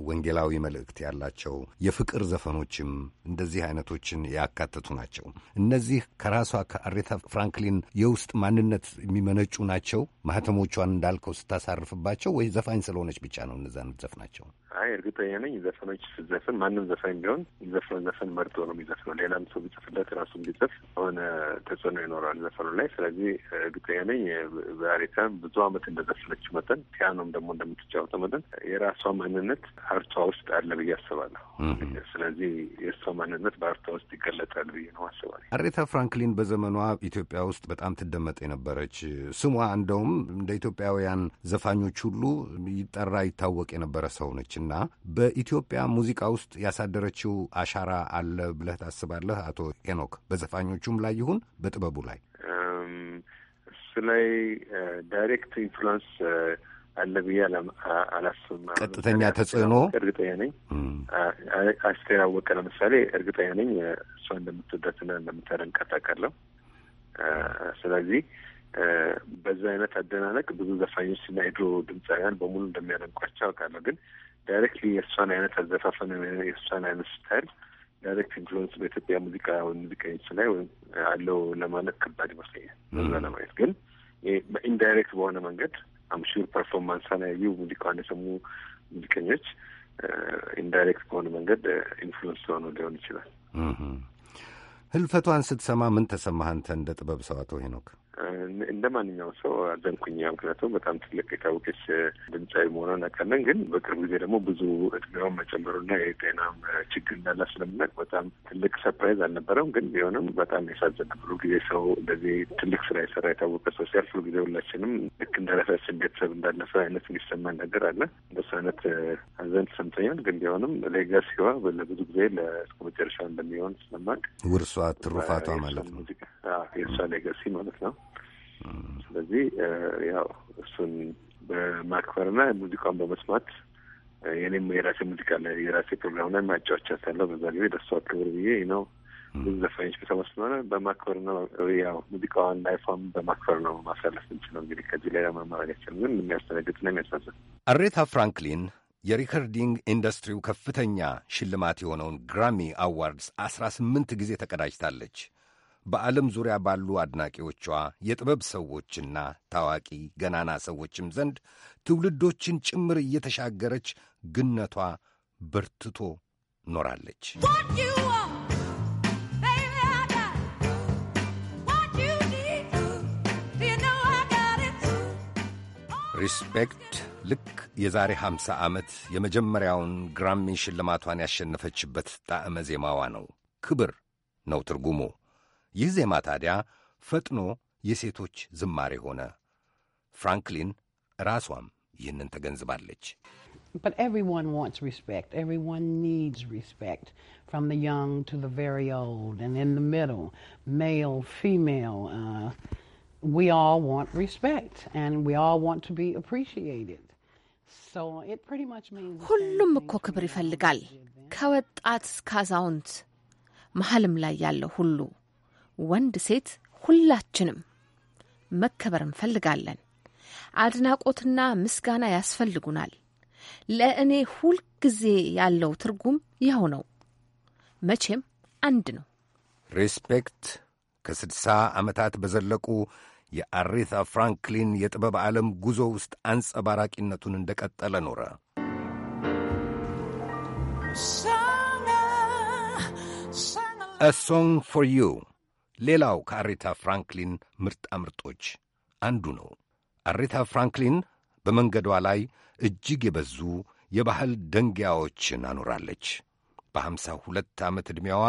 ወንጌላዊ መልእክት ያላቸው የፍቅር ዘፈኖችም እንደዚህ አይነቶችን ያካተቱ ናቸው። ናቸው። እነዚህ ከራሷ ከአሬታ ፍራንክሊን የውስጥ ማንነት የሚመነጩ ናቸው። ማህተሞቿን እንዳልከው ስታሳርፍባቸው ወይ ዘፋኝ ስለሆነች ብቻ ነው እነዛን ናቸው? አይ እርግጠኛ ነኝ ዘፈኖች ስዘፍን ማንም ዘፋኝ ቢሆን የሚዘፍነው ዘፈን መርጦ ነው የሚዘፍነው። ሌላም ሰው ቢጽፍለት ራሱ ቢጽፍ የሆነ ተጽዕኖ ይኖራል ዘፈኑ ላይ። ስለዚህ እርግጠኛ ነኝ በአሬታም ብዙ ዓመት እንደዘፈነችው መጠን ፒያኖም ደግሞ እንደምትጫወተው መጠን የራሷ ማንነት አርቷ ውስጥ አለ ብዬ አስባለሁ። ስለዚህ የእሷ ማንነት በአርቷ ውስጥ ይገለጣል ብዬ ነው ነው አስባለሁ። አሬታ ፍራንክሊን በዘመኗ ኢትዮጵያ ውስጥ በጣም ትደመጥ የነበረች ስሟ እንደውም እንደ ኢትዮጵያውያን ዘፋኞች ሁሉ ይጠራ ይታወቅ የነበረ ሰው ነች እና በኢትዮጵያ ሙዚቃ ውስጥ ያሳደረችው አሻራ አለ ብለህ ታስባለህ? አቶ ሄኖክ በዘፋኞቹም ላይ ይሁን በጥበቡ ላይ እሱ ላይ ዳይሬክት ኢንፍሉንስ አለ ብዬ አላስብም። ቀጥተኛ ተጽዕኖ እርግጠኛ ነኝ። አስቴር አወቀ ለምሳሌ እርግጠኛ ነኝ እሷ እንደምትወዳትና እንደምታደንቃት አውቃለሁ። ስለዚህ በዛ አይነት አደናነቅ ብዙ ዘፋኞች እና ድምፃውያን በሙሉ እንደሚያደንቋቸው አውቃለሁ። ግን ዳይሬክትሊ የእሷን አይነት አዘፋፈን የእሷን አይነት ስታይል ዳይሬክት ኢንፍሉዌንስ በኢትዮጵያ ሙዚቃ ወይም ሙዚቀኞች ላይ ወይም አለው ለማለት ከባድ ይመስለኛል። በዛ ለማየት ግን በኢንዳይሬክት በሆነ መንገድ አምሹር ፐርፎርማንስ ሳናያዩ ሙዚቃን የሰሙ ሙዚቀኞች ኢንዳይሬክት በሆነ መንገድ ኢንፍሉንስ uh, ሆኖ ሊሆን ይችላል። ህልፈቷን ስትሰማ ምን ተሰማህ አንተ እንደ ጥበብ ሰው አቶ ሄኖክ? እንደ ማንኛውም ሰው አዘንኩኝ። ምክንያቱም በጣም ትልቅ የታወቀች ድምፃዊ መሆኗን እናውቃለን። ግን በቅርብ ጊዜ ደግሞ ብዙ እድሜውን መጨመሩና የጤናም ችግር እንዳላ ስለምናውቅ በጣም ትልቅ ሰርፕራይዝ አልነበረም። ግን ቢሆንም በጣም ያሳዝናል። ሁሉ ጊዜ ሰው እንደዚህ ትልቅ ስራ የሰራ የታወቀ ሰው ሲያልፍ ሁሉ ጊዜ ሁላችንም ልክ እንደራሳችን ቤተሰብ እንዳለፈ አይነት የሚሰማን ነገር አለ። እንደሱ አይነት ሀዘን ሰምተኛል። ግን ቢሆንም ሌጋሲዋ ለብዙ ጊዜ ለእስከ መጨረሻ እንደሚሆን ስለማቅ ውርሷ ትሩፋቷ ማለት ነው የእሷ ሌጋሲ ማለት ነው። ስለዚህ ያው እሱን በማክበርና ሙዚቃውን በመስማት የኔም የራሴ ሙዚቃ ላይ የራሴ ፕሮግራም ላይ ማጫወቻ ሳለው በዛ ጊዜ ለሷ አክብር ብዬ ነው ብዙ ዘፋኞች በተመስመረ በማክበር ነው ያው ሙዚቃዋን ላይፏን በማክበር ነው ማሳለፍ ምንችል ነው እንግዲህ ከዚህ ላይ ለመማራጋችን ግን የሚያስተነግጥ ነው የሚያሳዝን። አሬታ ፍራንክሊን የሪከርዲንግ ኢንዱስትሪው ከፍተኛ ሽልማት የሆነውን ግራሚ አዋርድስ አስራ ስምንት ጊዜ ተቀዳጅታለች። በዓለም ዙሪያ ባሉ አድናቂዎቿ የጥበብ ሰዎችና ታዋቂ ገናና ሰዎችም ዘንድ ትውልዶችን ጭምር እየተሻገረች ግነቷ በርትቶ ኖራለች። ሪስፔክት ልክ የዛሬ 50 ዓመት የመጀመሪያውን ግራሚ ሽልማቷን ያሸነፈችበት ጣዕመ ዜማዋ ነው። ክብር ነው ትርጉሙ። ይህ ዜማ ታዲያ ፈጥኖ የሴቶች ዝማሬ ሆነ። ፍራንክሊን ራሷም ይህንን ተገንዝባለች። But everyone wants respect. Everyone needs respect, from the young to the very old, and in the middle, male, female. Uh, we all want respect, and we all want to be appreciated. So it pretty much means. ሁሉም እኮ ክብር ይፈልጋል ከወጣት እስከ አዛውንት መሀልም ላይ ያለው ሁሉ ወንድ፣ ሴት ሁላችንም መከበር እንፈልጋለን። አድናቆትና ምስጋና ያስፈልጉናል። ለእኔ ሁል ጊዜ ያለው ትርጉም ይኸው ነው። መቼም አንድ ነው። ሬስፔክት ከስድሳ ዓመታት በዘለቁ የአሬታ ፍራንክሊን የጥበብ ዓለም ጉዞ ውስጥ አንጸባራቂነቱን እንደቀጠለ ኖረ። A Song for You ሌላው ከአሬታ ፍራንክሊን ምርጣ ምርጦች አንዱ ነው። አሬታ ፍራንክሊን በመንገዷ ላይ እጅግ የበዙ የባህል ደንጊያዎችን አኖራለች። በ ሁለት ዓመት ዕድሜዋ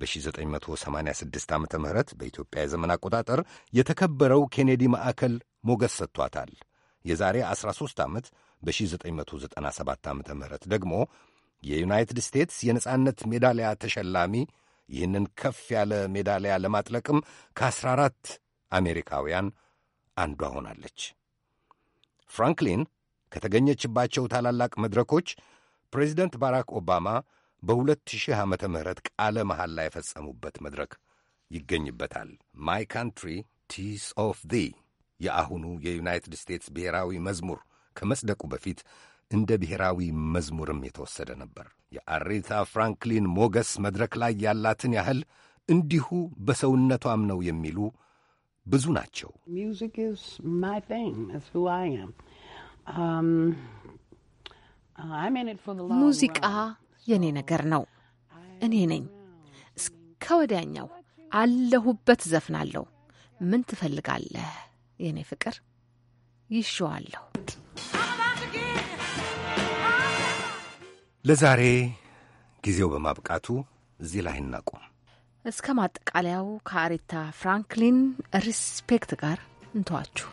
በ1986 ዓ ም በኢትዮጵያ የዘመን አቆጣጠር የተከበረው ኬኔዲ ማዕከል ሞገስ ሰጥቷታል። የዛሬ 13 ዓመት በ1997 ዓ ም ደግሞ የዩናይትድ ስቴትስ የነጻነት ሜዳሊያ ተሸላሚ ይህንን ከፍ ያለ ሜዳሊያ ለማጥለቅም ከአስራ አራት አሜሪካውያን አንዷ ሆናለች። ፍራንክሊን ከተገኘችባቸው ታላላቅ መድረኮች ፕሬዚደንት ባራክ ኦባማ በ2000 ዓመተ ምህረት ቃለ መሐላ የፈጸሙበት መድረክ ይገኝበታል። ማይ ካንትሪ ቲስ ኦፍ ዲ የአሁኑ የዩናይትድ ስቴትስ ብሔራዊ መዝሙር ከመጽደቁ በፊት እንደ ብሔራዊ መዝሙርም የተወሰደ ነበር። የአሬታ ፍራንክሊን ሞገስ መድረክ ላይ ያላትን ያህል እንዲሁ በሰውነቷም ነው የሚሉ ብዙ ናቸው። um, ሙዚቃ የእኔ ነገር ነው፣ እኔ ነኝ። እስከ ወዲያኛው አለሁበት ዘፍናለሁ። ምን ትፈልጋለህ የእኔ ፍቅር ይሸዋለሁ። ለዛሬ ጊዜው በማብቃቱ እዚህ ላይ እናቁም። እስከ ማጠቃለያው ከአሬታ ፍራንክሊን ሪስፔክት ጋር እንተዋችሁ።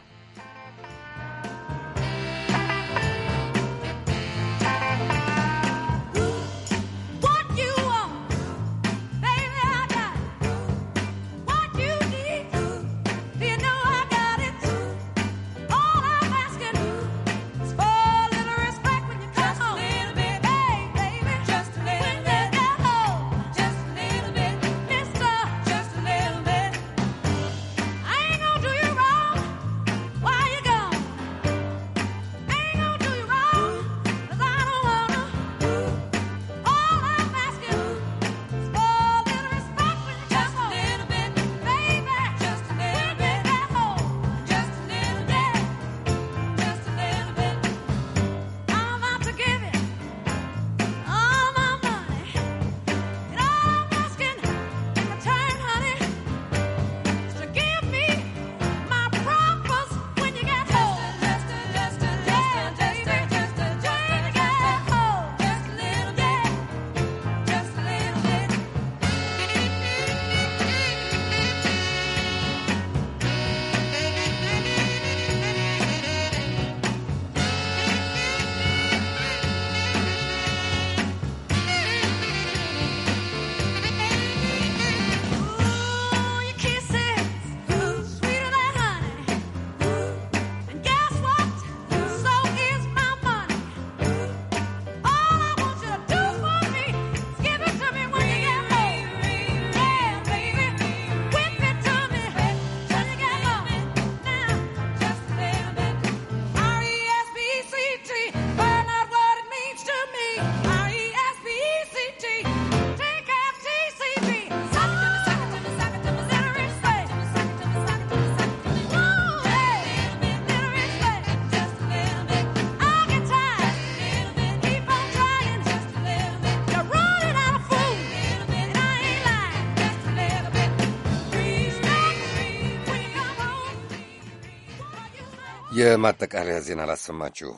የማጠቃለያ ዜና አላሰማችሁ።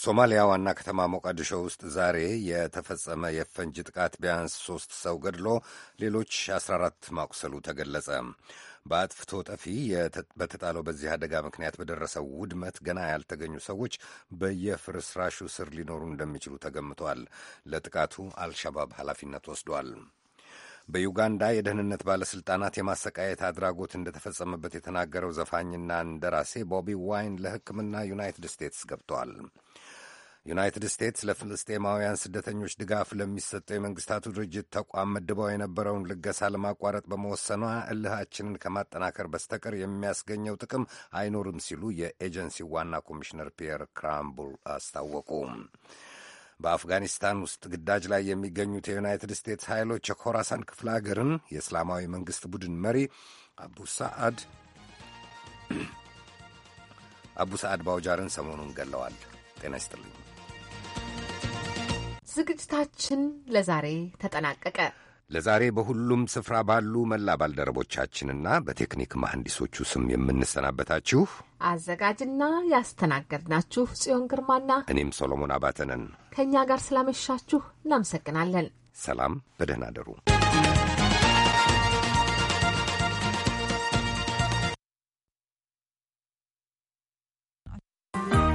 ሶማሊያ ዋና ከተማ ሞቃዲሾ ውስጥ ዛሬ የተፈጸመ የፈንጅ ጥቃት ቢያንስ ሶስት ሰው ገድሎ ሌሎች 14 ማቁሰሉ ተገለጸ። በአጥፍቶ ጠፊ በተጣለው በዚህ አደጋ ምክንያት በደረሰው ውድመት ገና ያልተገኙ ሰዎች በየፍርስራሹ ስር ሊኖሩ እንደሚችሉ ተገምቷል። ለጥቃቱ አልሻባብ ኃላፊነት ወስዷል። በዩጋንዳ የደህንነት ባለሥልጣናት የማሰቃየት አድራጎት እንደተፈጸመበት የተናገረው ዘፋኝና እንደራሴ ቦቢ ዋይን ለሕክምና ዩናይትድ ስቴትስ ገብቷል። ዩናይትድ ስቴትስ ለፍልስጤማውያን ስደተኞች ድጋፍ ለሚሰጠው የመንግስታቱ ድርጅት ተቋም መድበው የነበረውን ልገሳ ለማቋረጥ በመወሰኗ እልሃችንን ከማጠናከር በስተቀር የሚያስገኘው ጥቅም አይኖርም ሲሉ የኤጀንሲው ዋና ኮሚሽነር ፒየር ክራምቡል አስታወቁ። በአፍጋኒስታን ውስጥ ግዳጅ ላይ የሚገኙት የዩናይትድ ስቴትስ ኃይሎች የኮራሳን ክፍለ አገርን የእስላማዊ መንግሥት ቡድን መሪ አቡ ሰዓድ *clears throat* አቡ ሰዓድ ባውጃርን ሰሞኑን ገለዋል። ጤና ይስጥልኝ። ዝግጅታችን ለዛሬ ተጠናቀቀ። ለዛሬ በሁሉም ስፍራ ባሉ መላ ባልደረቦቻችንና በቴክኒክ መሐንዲሶቹ ስም የምንሰናበታችሁ አዘጋጅና ያስተናገድናችሁ ጽዮን ግርማና እኔም ሶሎሞን አባተነን። ከእኛ ጋር ስላመሻችሁ እናመሰግናለን። ሰላም፣ በደህና አደሩ።